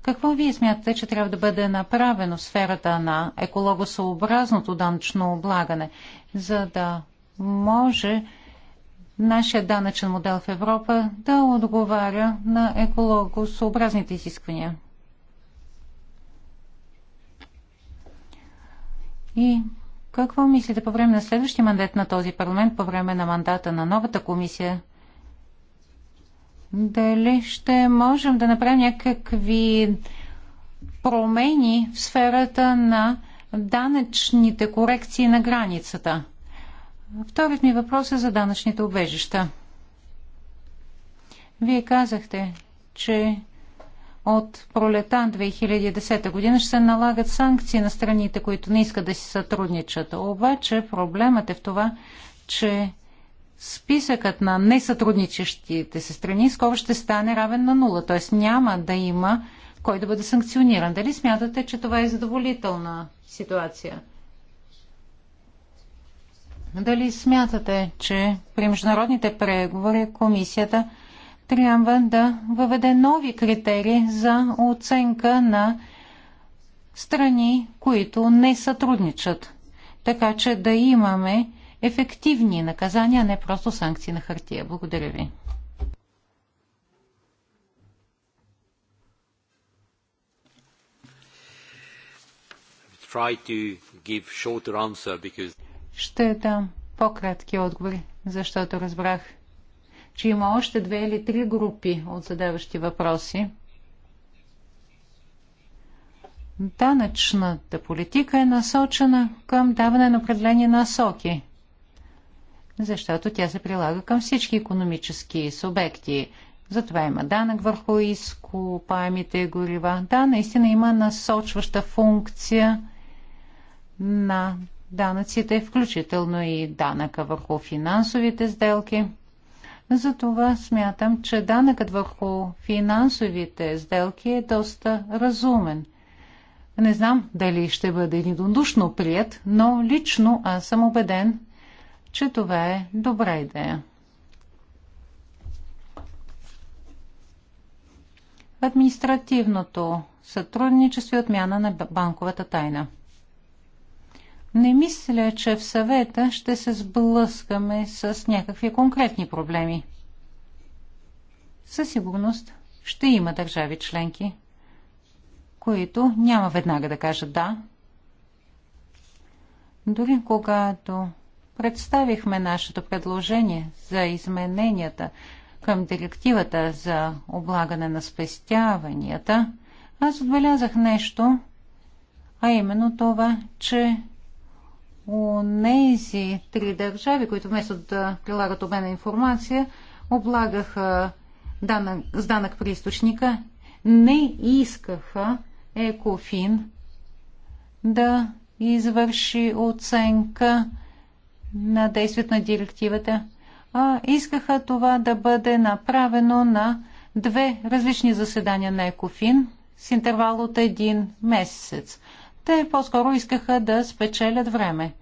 какво вие смятате, че трябва да бъде направено в сферата на екологосъобразното данчно облагане, за да може нашия данъчен модел в Европа да отговаря на екологосъобразните изисквания. И какво мислите по време на следващия мандат на този парламент, по време на мандата на новата комисия? Дали ще можем да направим някакви промени в сферата на данъчните корекции на границата? Вторият ми въпрос е за данъчните убежища. Вие казахте, че от пролета 2010 година ще се налагат санкции на страните, които не искат да си сътрудничат. Обаче проблемът е в това, че списъкът на несътрудничещите се страни скоро ще стане равен на нула, т.е. няма да има кой да бъде санкциониран. Дали смятате, че това е задоволителна ситуация? Дали смятате, че при международните преговори комисията трябва да въведе нови критерии за оценка на страни, които не сътрудничат, така че да имаме ефективни наказания, а не просто санкции на хартия. Благодаря ви. Try to give shorter answer because ще дам по-кратки отговори, защото разбрах, че има още две или три групи от задаващи въпроси. Данъчната политика е насочена към даване на определени насоки, защото тя се прилага към всички економически субекти. Затова има данък върху изкопаемите горива. Да, наистина има насочваща функция на данъците, включително и данъка върху финансовите сделки. Затова смятам, че данъкът върху финансовите сделки е доста разумен. Не знам дали ще бъде единодушно прият, но лично аз съм убеден, че това е добра идея. Административното сътрудничество и отмяна на банковата тайна – не мисля, че в съвета ще се сблъскаме с някакви конкретни проблеми. Със сигурност ще има държави членки, които няма веднага да кажат да. Дори когато представихме нашето предложение за измененията към директивата за облагане на спестяванията, аз отбелязах нещо, а именно това, че онези три държави, които вместо да прилагат обмена информация, облагаха данък, с данък при източника, не искаха Екофин да извърши оценка на действието на директивата, а искаха това да бъде направено на две различни заседания на Екофин с интервал от един месец. Те по-скоро искаха да спечелят време.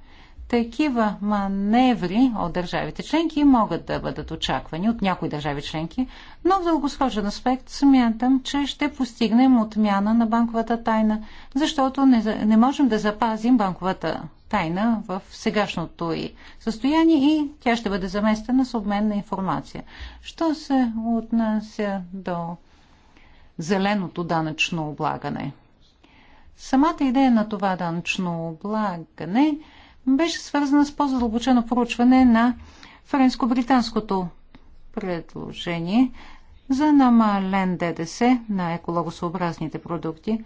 Такива маневри от държавите членки могат да бъдат очаквани от някои държави членки, но в дългосрочен аспект смятам, че ще постигнем отмяна на банковата тайна, защото не, не можем да запазим банковата тайна в сегашното и състояние и тя ще бъде заместена с обмен на информация. Що се отнася до зеленото данъчно облагане – Самата идея на това данъчно облагане беше свързана с по-задълбочено проучване на френско-британското предложение за намален ДДС на екологосъобразните продукти,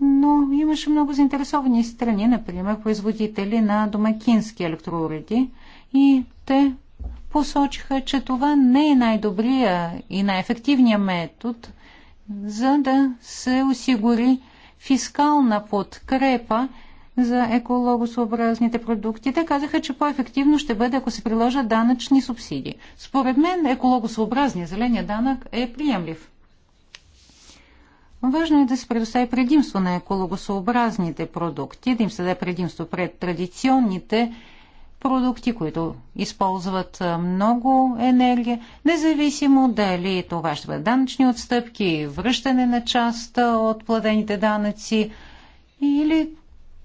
но имаше много заинтересовани страни, например производители на домакински електроуреди и те посочиха, че това не е най-добрия и най-ефективният метод, за да се осигури фискална подкрепа за екологосъобразните продукти. Те казаха, че по-ефективно ще бъде, ако се приложат данъчни субсидии. Според мен екологосъобразния зеления данък е приемлив. Важно е да се предостави предимство на екологосъобразните продукти, да им се даде предимство пред традиционните продукти, които използват много енергия, независимо дали това ще бъдат данъчни отстъпки, връщане на част от платените данъци или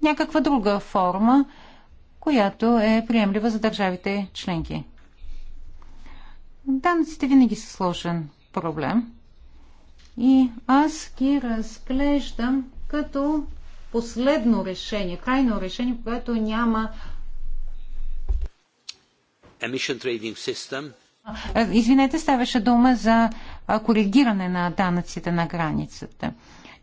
някаква друга форма, която е приемлива за държавите членки. Данъците винаги са сложен проблем. И аз ги разглеждам като последно решение, крайно решение, когато няма Извинете, ставаше дума за коригиране на данъците на границата.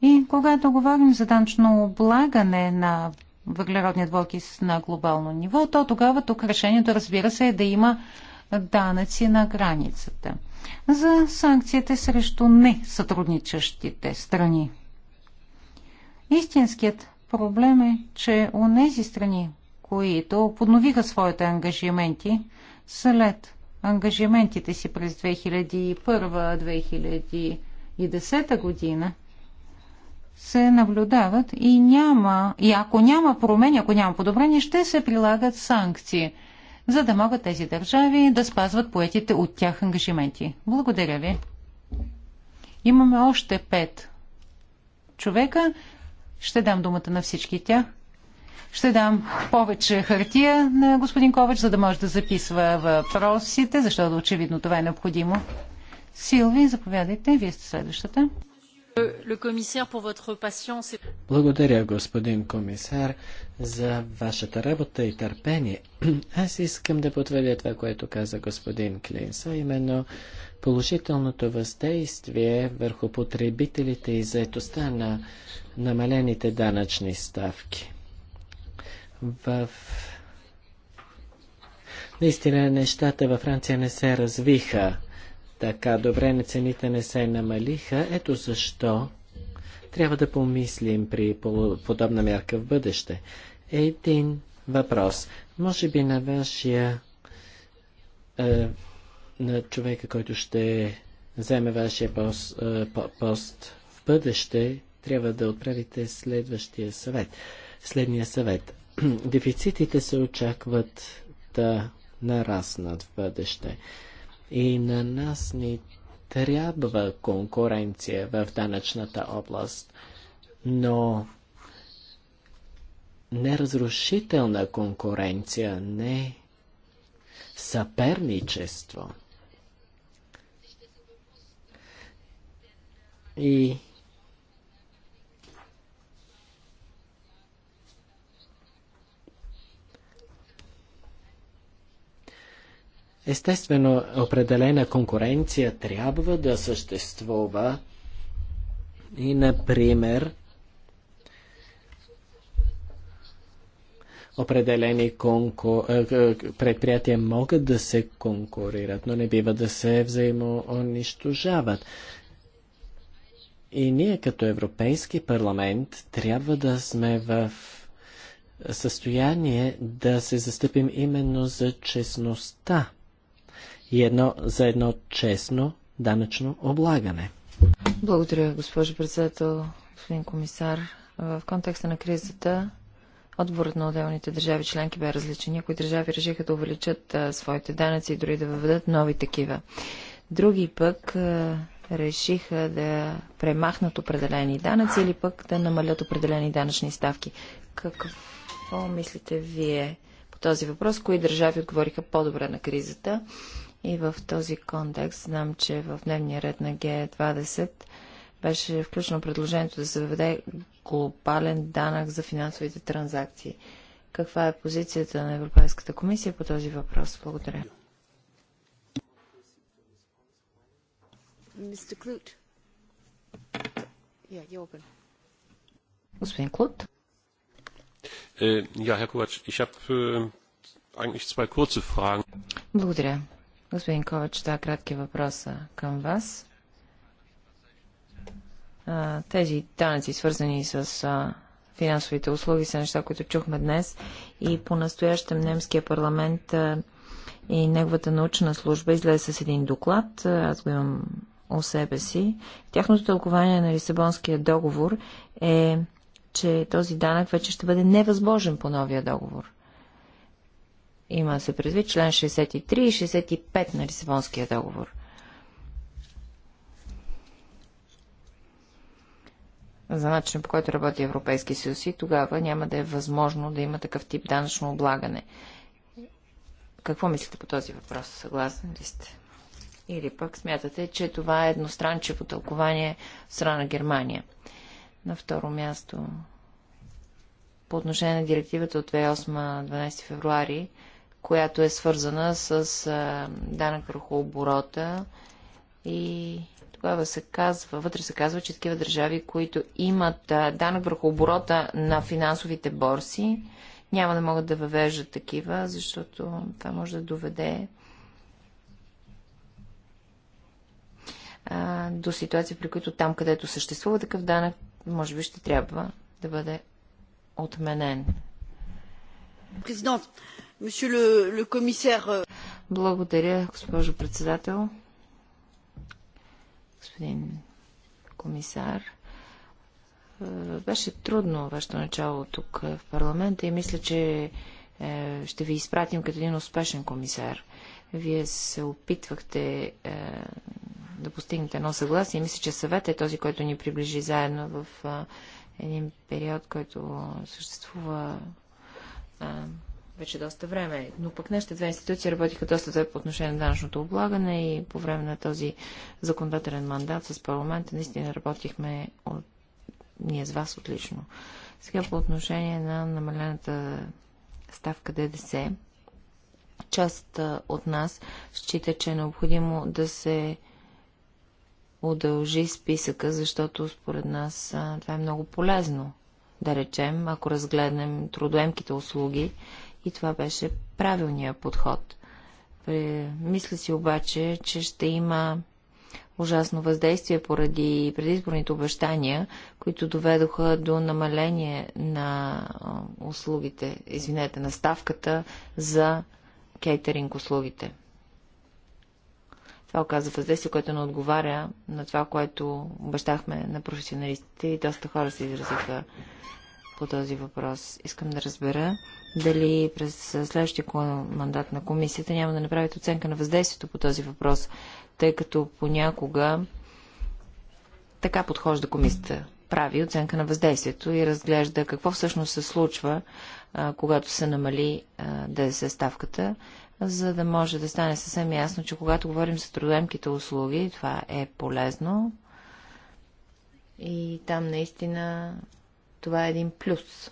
И когато говорим за данъчно облагане на въглеродния двокис на глобално ниво, то тогава тук решението, разбира се, е да има данъци на границата. За санкциите срещу несътрудничащите страни. Истинският проблем е, че у нези страни, които подновиха своите ангажименти след ангажиментите си през 2001-2010 година се наблюдават и няма, и ако няма промени, ако няма подобрение, ще се прилагат санкции, за да могат тези държави да спазват поетите от тях ангажименти. Благодаря ви. Имаме още пет човека. Ще дам думата на всички тях. Ще дам повече хартия на господин Ковач, за да може да записва въпросите, защото очевидно това е необходимо. Силви, заповядайте. Вие сте следващата. Благодаря, господин комисар, за вашата работа и търпение. Аз искам да потвърдя това, което каза господин Клинс, а именно положителното въздействие върху потребителите и заетостта на намалените данъчни ставки в... Наистина нещата във Франция не се развиха така добре, на цените не се намалиха. Ето защо трябва да помислим при подобна мярка в бъдеще. Един въпрос. Може би на вашия е, на човека, който ще вземе вашия пост, е, пост в бъдеще, трябва да отправите следващия съвет. Следния съвет. дефицитите се очакват да нараснат в бъдеще. И на нас ни трябва конкуренция в данъчната област, но неразрушителна конкуренция, не съперничество. И Естествено, определена конкуренция трябва да съществува и, например, определени конку... Е, е, предприятия могат да се конкурират, но не бива да се взаимоунищожават. И ние като Европейски парламент трябва да сме в състояние да се застъпим именно за честността и едно, за едно честно данъчно облагане. Благодаря, госпожо председател, господин комисар. В контекста на кризата отборът на отделните държави членки бе различен. Някои държави решиха да увеличат а, своите данъци и дори да въведат нови такива. Други пък а, решиха да премахнат определени данъци или пък да намалят определени данъчни ставки. Какво мислите вие по този въпрос? Кои държави отговориха по-добре на кризата и в този контекст знам, че в дневния ред на Г20 беше включено предложението да се въведе глобален данък за финансовите транзакции. Каква е позицията на Европейската комисия по този въпрос? Благодаря. Господин Клут. Е, äh, Благодаря. Господин Ковач, това кратки въпроса към вас. тези данъци, свързани с финансовите услуги, са неща, които чухме днес и по-настоящем немския парламент и неговата научна служба излезе с един доклад. Аз го имам у себе си. Тяхното тълкование на Лисабонския договор е, че този данък вече ще бъде невъзможен по новия договор. Има се предвид член 63 и 65 на Лисабонския договор. за начин по който работи Европейския съюз и тогава няма да е възможно да има такъв тип данъчно облагане. Какво мислите по този въпрос? Съгласен ли сте? Или пък смятате, че това е едностранчево тълкование в страна на Германия? На второ място, по отношение на директивата от 2008-12 февруари, която е свързана с а, данък върху оборота и тогава се казва, вътре се казва, че такива държави, които имат а, данък върху оборота на финансовите борси, няма да могат да въвеждат такива, защото това може да доведе а, до ситуации, при които там, където съществува такъв данък, може би ще трябва да бъде отменен. Euh, Благодаря, госпожо председател. Господин комисар, е, беше трудно вашето начало тук е, в парламента и мисля, че е, ще ви изпратим като един успешен комисар. Вие се опитвахте да постигнете едно съгласие и мисля, че съвет е този, който ни приближи заедно в един период, който съществува вече доста време. Но пък нашите две институции работиха доста добре по отношение на данъчното облагане и по време на този законодателен мандат с парламента наистина работихме от... ние с вас отлично. Сега по отношение на намалената ставка ДДС, част от нас счита, че е необходимо да се удължи списъка, защото според нас това е много полезно. Да речем, ако разгледнем трудоемките услуги и това беше правилният подход. Мисля си обаче, че ще има ужасно въздействие поради предизборните обещания, които доведоха до намаление на услугите, извинете, на ставката за кейтеринг услугите. Това оказа въздействие, което не отговаря на това, което обещахме на професионалистите и доста хора се изразиха по този въпрос. Искам да разбера дали през следващия мандат на комисията няма да направите оценка на въздействието по този въпрос, тъй като понякога така подхожда комисията. Прави оценка на въздействието и разглежда какво всъщност се случва, а, когато се намали ДДС ставката, за да може да стане съвсем ясно, че когато говорим за трудоемките услуги, това е полезно. И там наистина това е един плюс,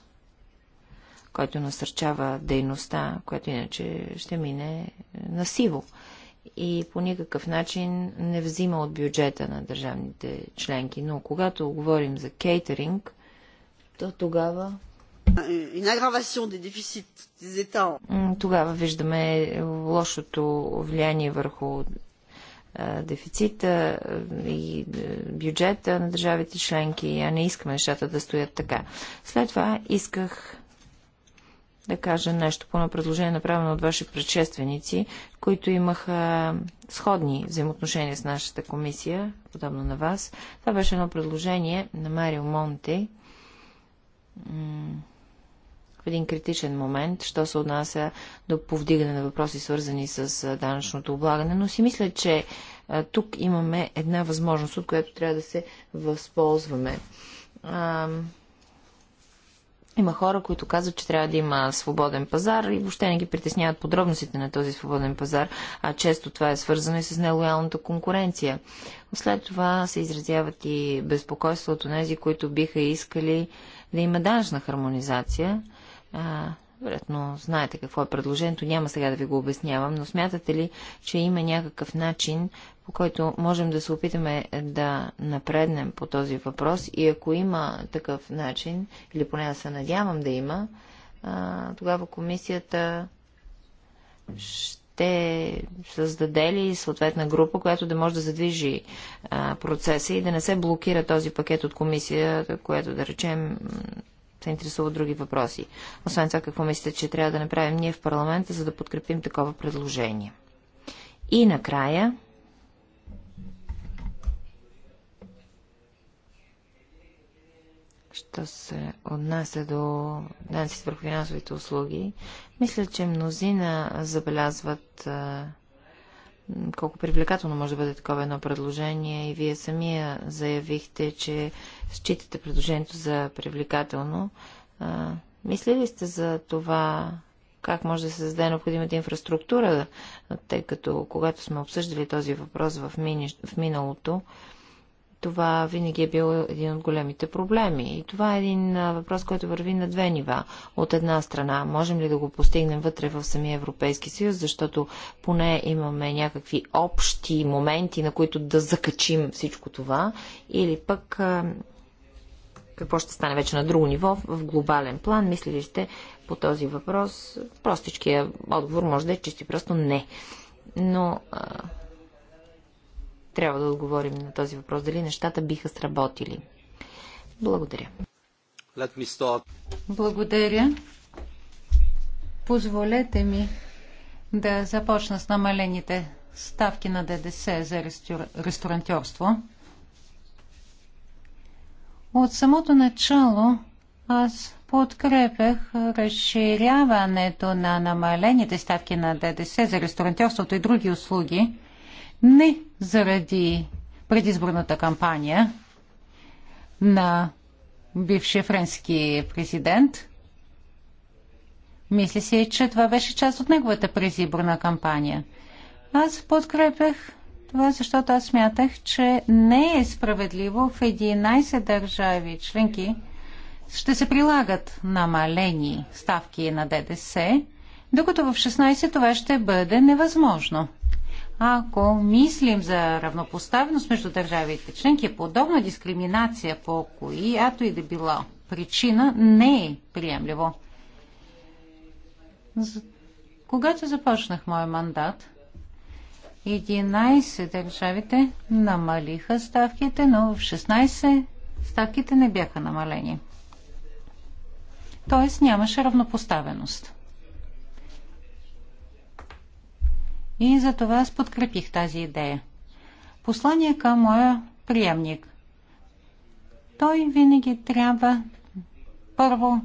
който насърчава дейността, която иначе ще мине е, на сиво и по никакъв начин не взима от бюджета на държавните членки. Но когато говорим за кейтеринг, то тогава тогава виждаме лошото влияние върху дефицита и бюджета на държавите членки, а не искаме нещата да стоят така. След това исках да кажа нещо по на предложение, направено от ваши предшественици, които имаха сходни взаимоотношения с нашата комисия, подобно на вас. Това беше едно предложение на Марио Монте в един критичен момент, що се отнася до повдигане на въпроси, свързани с данъчното облагане, но си мисля, че а, тук имаме една възможност, от която трябва да се възползваме. А, има хора, които казват, че трябва да има свободен пазар и въобще не ги притесняват подробностите на този свободен пазар, а често това е свързано и с нелоялната конкуренция. След това се изразяват и безпокойство от тези, които биха искали да има данъчна хармонизация, а, вероятно знаете какво е предложението, няма сега да ви го обяснявам, но смятате ли, че има някакъв начин, по който можем да се опитаме да напреднем по този въпрос и ако има такъв начин, или поне да се надявам да има, а, тогава комисията ще създаде ли съответна група, която да може да задвижи а, процеса и да не се блокира този пакет от комисията, което да речем се интересуват други въпроси. Освен това, какво мислите, че трябва да направим ние в парламента, за да подкрепим такова предложение? И накрая, що се отнася до данците върху финансовите услуги, мисля, че мнозина забелязват а, колко привлекателно може да бъде такова едно предложение и вие самия заявихте, че считате предложението за привлекателно. мислили сте за това как може да се създаде необходимата инфраструктура, тъй като когато сме обсъждали този въпрос в, мини, в миналото, това винаги е бил един от големите проблеми. И това е един въпрос, който върви на две нива. От една страна, можем ли да го постигнем вътре в самия Европейски съюз, защото поне имаме някакви общи моменти, на които да закачим всичко това, или пък какво ще стане вече на друго ниво, в глобален план, мисли ли сте по този въпрос? Простичкият отговор може да е си просто не. Но трябва да отговорим на този въпрос. Дали нещата биха сработили? Благодаря. Благодаря. Позволете ми да започна с намалените ставки на ДДС за рестор... ресторантьорство. От самото начало аз подкрепях разширяването на намалените ставки на ДДС за ресторантьорството и други услуги, не заради предизборната кампания на бившия френски президент. Мисля си, че това беше част от неговата предизборна кампания. Аз подкрепях това, защото аз смятах, че не е справедливо в 11 държави членки ще се прилагат намалени ставки на ДДС, докато в 16 това ще бъде невъзможно. Ако мислим за равнопоставеност между държавите членки, подобна дискриминация по която и да била причина не е приемливо. Когато започнах моя мандат, 11 държавите намалиха ставките, но в 16 ставките не бяха намалени. Тоест нямаше равнопоставеност. И за това аз подкрепих тази идея. Послание към моя приемник. Той винаги трябва първо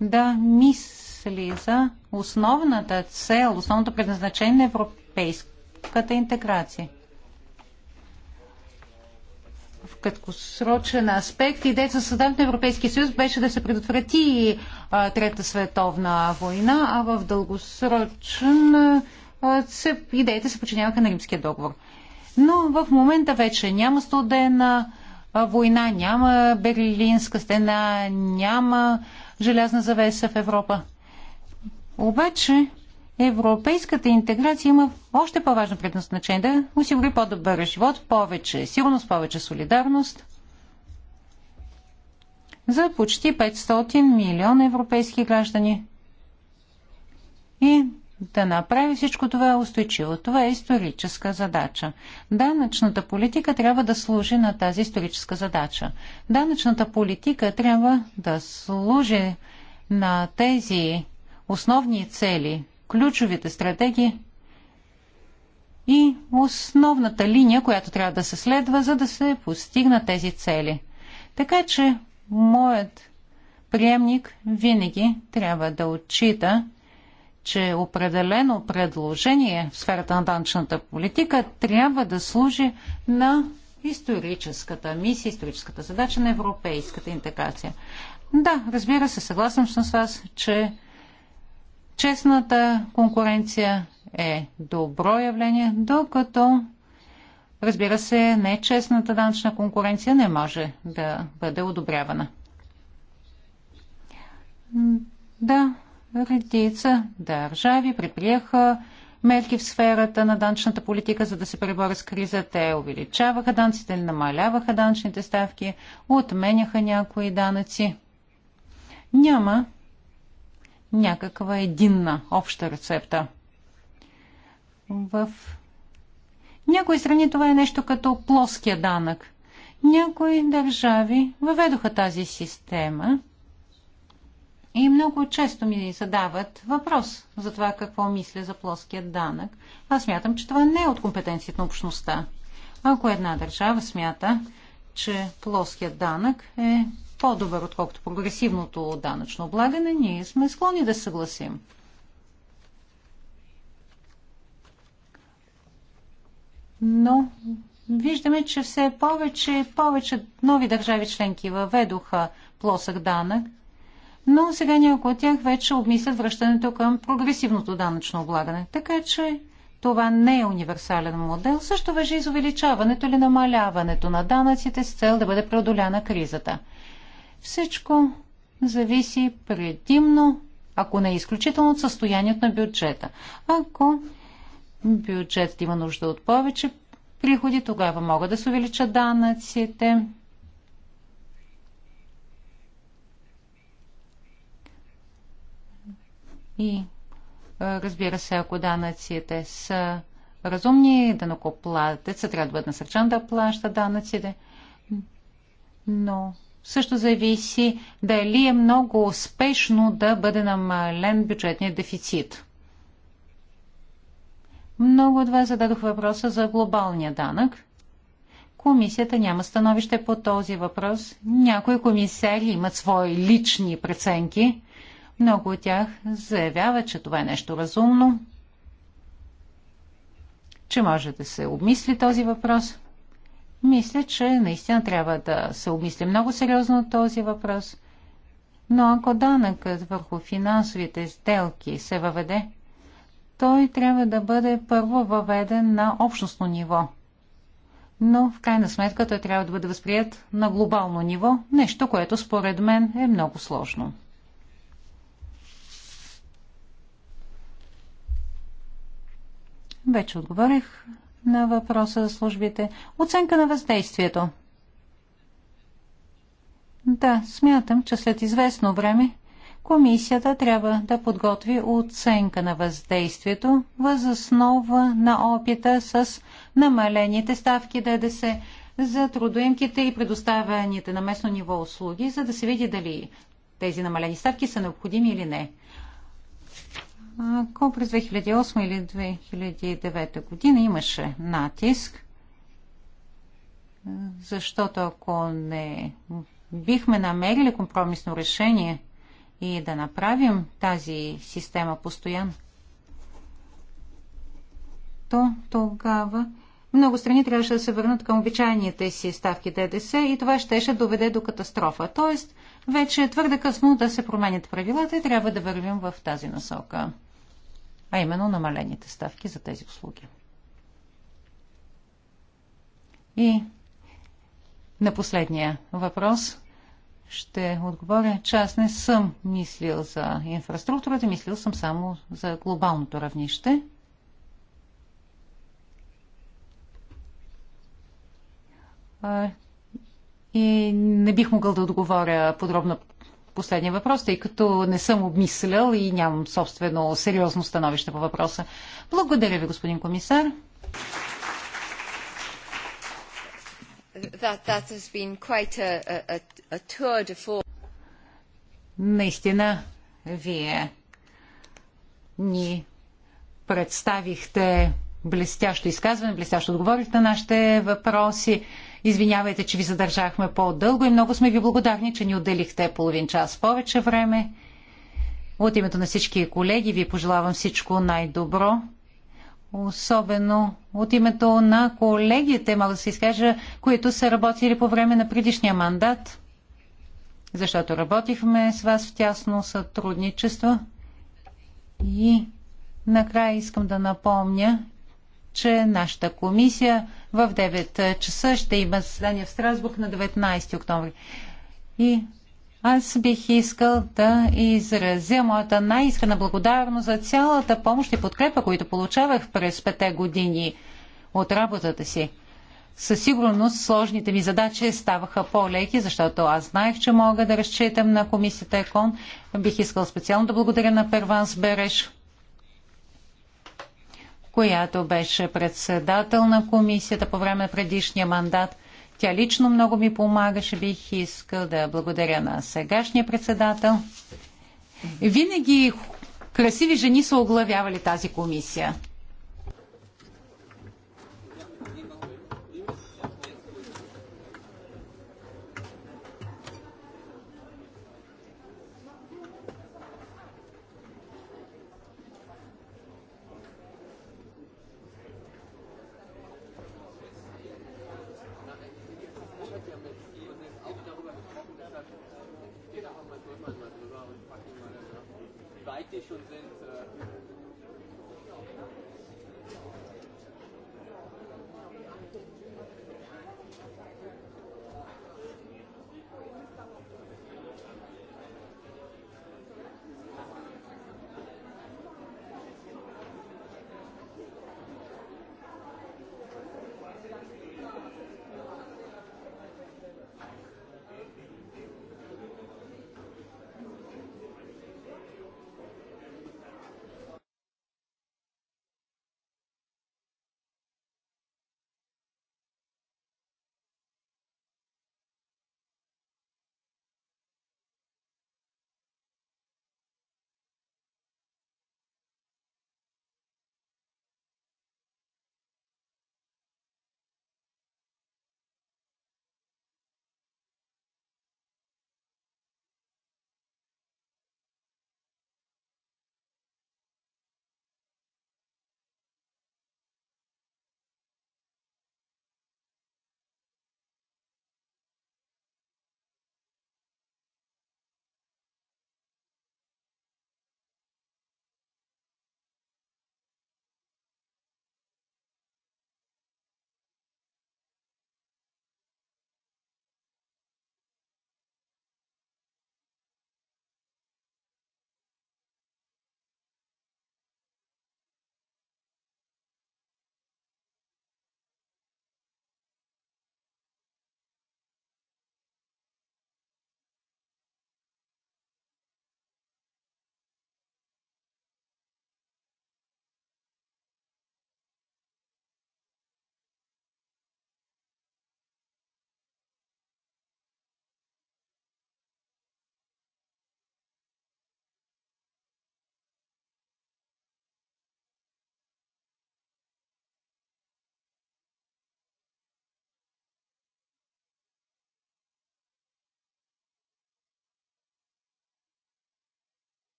да мисли за основната цел, основното предназначение на европейската интеграция. В краткосрочен аспект идеята за създаването на Европейския съюз беше да се предотврати а, Трета световна война, а в дългосрочен се, идеите се подчиняваха на римския договор. Но в момента вече няма студена война, няма Берлинска стена, няма желязна завеса в Европа. Обаче европейската интеграция има още по-важно предназначение да осигури по-добър живот, повече сигурност, повече солидарност за почти 500 милиона европейски граждани. И да направи всичко това е устойчиво. Това е историческа задача. Данъчната политика трябва да служи на тази историческа задача. Данъчната политика трябва да служи на тези основни цели, ключовите стратегии и основната линия, която трябва да се следва, за да се постигнат тези цели. Така че моят приемник винаги трябва да отчита че определено предложение в сферата на данъчната политика трябва да служи на историческата мисия, историческата задача на европейската интеграция. Да, разбира се, съгласен съм с вас, че честната конкуренция е добро явление, докато разбира се, нечестната данъчна конкуренция не може да бъде одобрявана. Да, редица държави предприеха мерки в сферата на данъчната политика, за да се преборят с криза. Те увеличаваха данците или намаляваха данъчните ставки, отменяха някои данъци. Няма някаква единна обща рецепта. В някои страни това е нещо като плоския данък. Някои държави въведоха тази система и много често ми задават въпрос за това какво мисля за плоският данък. Аз смятам, че това не е от компетенцията на общността. Ако една държава смята, че плоският данък е по-добър, отколкото прогресивното данъчно облагане, ние сме склонни да съгласим. Но виждаме, че все повече повече нови държави членки въведоха плосък данък но сега някои от тях вече обмислят връщането към прогресивното данъчно облагане. Така че това не е универсален модел. Също въжи и за увеличаването или намаляването на данъците с цел да бъде преодоляна кризата. Всичко зависи предимно, ако не е изключително от състоянието на бюджета. Ако бюджетът има нужда от повече приходи, тогава могат да се увеличат данъците, И е, разбира се, ако данъците са разумни, да данокоплатеца трябва да бъдат насърчан да плаща данъците, но също зависи дали е много успешно да бъде намален бюджетният дефицит. Много от вас зададох въпроса за глобалния данък. Комисията няма становище по този въпрос. Някои комисари имат свои лични преценки. Много от тях заявяват, че това е нещо разумно, че може да се обмисли този въпрос. Мисля, че наистина трябва да се обмисли много сериозно този въпрос. Но ако данъкът върху финансовите сделки се въведе, той трябва да бъде първо въведен на общностно ниво. Но в крайна сметка той трябва да бъде възприят на глобално ниво, нещо, което според мен е много сложно. Вече отговорих на въпроса за службите. Оценка на въздействието. Да, смятам, че след известно време комисията трябва да подготви оценка на въздействието възоснова на опита с намалените ставки ДДС за трудоемките и предоставяните на местно ниво услуги, за да се види дали тези намалени ставки са необходими или не ако през 2008 или 2009 година имаше натиск, защото ако не бихме намерили компромисно решение и да направим тази система постоянно, то тогава много страни трябваше да се върнат към обичайните си ставки ДДС и това щеше доведе до катастрофа. Тоест, вече е твърде късно да се променят правилата и трябва да вървим в тази насока а именно намалените ставки за тези услуги. И на последния въпрос ще отговоря, че аз не съм мислил за инфраструктурата, мислил съм само за глобалното равнище. И не бих могъл да отговоря подробно последния въпрос, тъй като не съм обмислял и нямам собствено сериозно становище по въпроса. Благодаря ви, господин комисар. That, that has been quite a, a, a tour de Наистина, вие ни представихте блестящо изказване, блестящо отговорихте на нашите въпроси. Извинявайте, че ви задържахме по-дълго и много сме ви благодарни, че ни отделихте половин час повече време. От името на всички колеги ви пожелавам всичко най-добро. Особено от името на колегите, мога да се изкажа, които са работили по време на предишния мандат, защото работихме с вас в тясно сътрудничество. И накрая искам да напомня, че нашата комисия в 9 часа ще има заседание в Страсбург на 19 октомври. И аз бих искал да изразя моята най-искрена благодарност за цялата помощ и подкрепа, които получавах през 5 години от работата си. Със сигурност сложните ми задачи ставаха по-леки, защото аз знаех, че мога да разчитам на комисията ЕКОН. Бих искал специално да благодаря на Перванс Береш, която беше председател на комисията по време на предишния мандат. Тя лично много ми помагаше. Бих искал да благодаря на сегашния председател. Винаги красиви жени са оглавявали тази комисия.